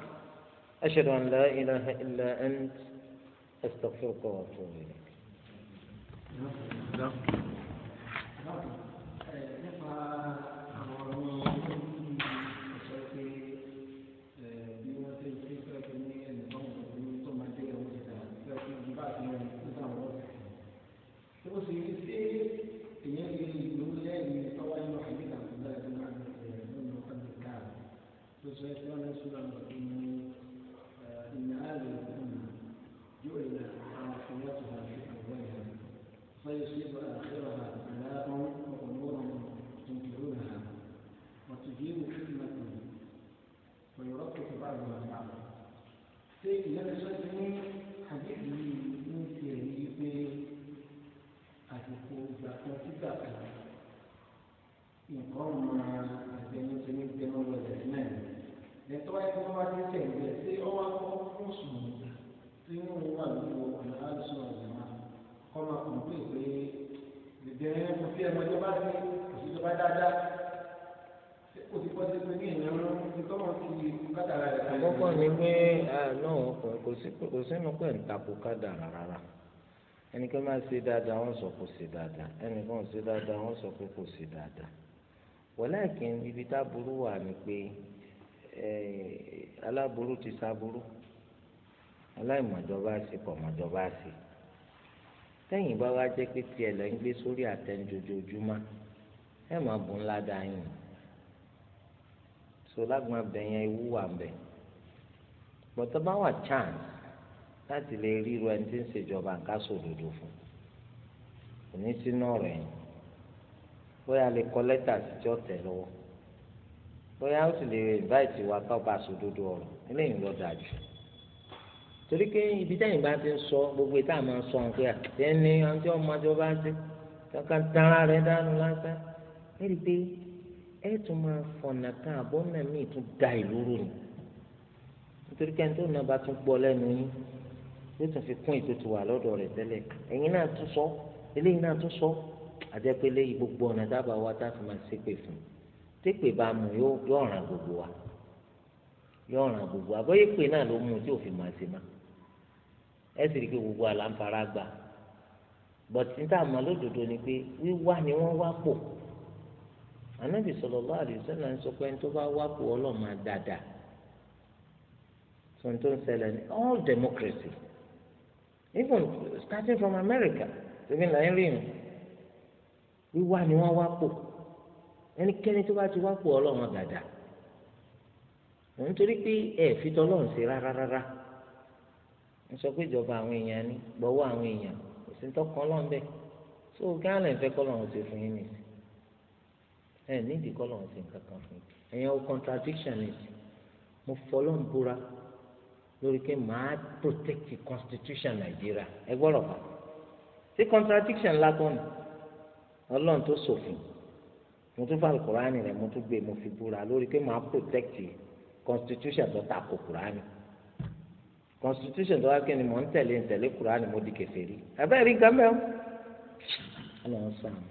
ashhadu an la ilaha illa ant astaghfiruka wa atubu ilayk. ìbọn ma ẹgbẹ̀rún ti ní gbẹ̀rún lọ́lẹ̀ náà ẹ̀tọ́ ẹ̀kọ́ wa ti tẹ̀lé tí ó wá kọ́ fún sùn tí ó wà nínú ọ̀nà àìsàn ọ̀nà kọ́ máa kàn pé pé ìbẹ̀rẹ̀ kò fi ẹ̀mọ́ ìjọba sí ìjọba dáadáa ó ti pọ́ sí pé ní ìnáwó ìtọ́wọ́ ti kádàrà rẹ̀ kàn. àkọ́kọ́ ni pé náà kò sínú pé ń takò kádàrà rárá ẹnikẹ́ni máa ṣe dáadáa wọ́n sọ kò ṣe dáadáa ẹnikẹ́ni máa ṣe dáadáa wọ́n sọ pé kò ṣe dáadáa wọ̀lẹ́kìn ibi táburú wà ní pé aláburú ti sáburú aláìmọ̀jọba ṣe pọ̀ mọ̀jọba ṣe tẹ́yìn bá wá jẹ́ pé tiẹ̀ lẹ́ ń gbé sórí àtẹnudójoojúmọ́ ẹ máa bùn ńlá da yín so lágbọn abẹ yẹn ewu wà mbẹ bọ́tọ́ bá wà chance láti lè ríru ẹni tí ń ṣèjọba nǹkan sòdodo fún òní sínú ọ̀rọ̀ yẹn bóyá lè kọ lẹ́tà sí tí ó tẹ̀ lọ́wọ́ bóyá ó sì lè invite wa tọ́ba sòdodo ọ̀rọ̀ eléyìí lọ dà jù torí pé ibi táyìn bá ti ń sọ gbogbo ìta máa ń sọ àwọn pé àtẹ ní ọjọ́ ọmọdé ọba ń ṣe kankan tara rẹ dánú lásán ẹ rí i pé ẹ tún máa fọ̀nà kan àbọ̀ náà míì tún da ìlú rò ní nítorí pé ẹni tó náà bá tún gbọ́ lẹ́nu yín yóò tún fi kún ètò tiwa lọ́dọ̀ rẹ̀ tẹ́lẹ̀ ẹ̀yin náà tún sọ eléyìí náà tún sọ àjẹpẹlẹ yìí gbogbo ọ̀nà dábàá wa tá a fi máa ṣépè fún tépè bá mu yóò ràn gbogbo wa yóò ràn gbogbo wa bóyá ìpè náà ló mú tí òfin máa ṣe má ẹ sì rí i pé gbogbo àlà ń fara gbà bọ̀tí tá a mọ̀ lódodo ni pé wíwá ni wọ́n wá pò ànábì sallallahu alaihi wasallam ń sọ pé ẹni tó bá wá pò ọlọ́mọ dáadáa tó ń tó ń ṣẹlẹ̀ ní all democracy even starting from America tóbi náà ń rí yìí wíwá ni wọ́n wá pò ẹnikẹ́ni tó bá ti wá pò ọlọ́run dàda nítorí pé ẹ fi tọlọ́run ṣe rárá rárá ń sọ pé ìjọba àwọn èèyàn ni gbọ́wọ́ àwọn èèyàn kò sí tọkàn ọlọ́run bẹ́ẹ̀ so gánà ìfẹ́ kọ́lọ́run ṣe fún yín nìyí ẹ nídìí kọ́lọ́run ṣe nǹkan kan fún yín ẹ̀yin o contradiction is mo fọlọ́n búra lórí pé màá protect the constitution Nàìjíríà ẹ gbọ́dọ̀ pa sí contradiction lágbọ́n nù ọlọ́run tó ṣòfin mo tún fà kúránì rẹ̀ mo tún gbé mo fi búra lórí pé màá protect constitution tó ta kò kúránì constitution tó wá kí ni mò ń tẹ̀lé ń tẹ̀lé kúránì mo di kèfèrí ẹ̀bẹ́ rí gámẹ́ o ọlọ́run sọ àwọn.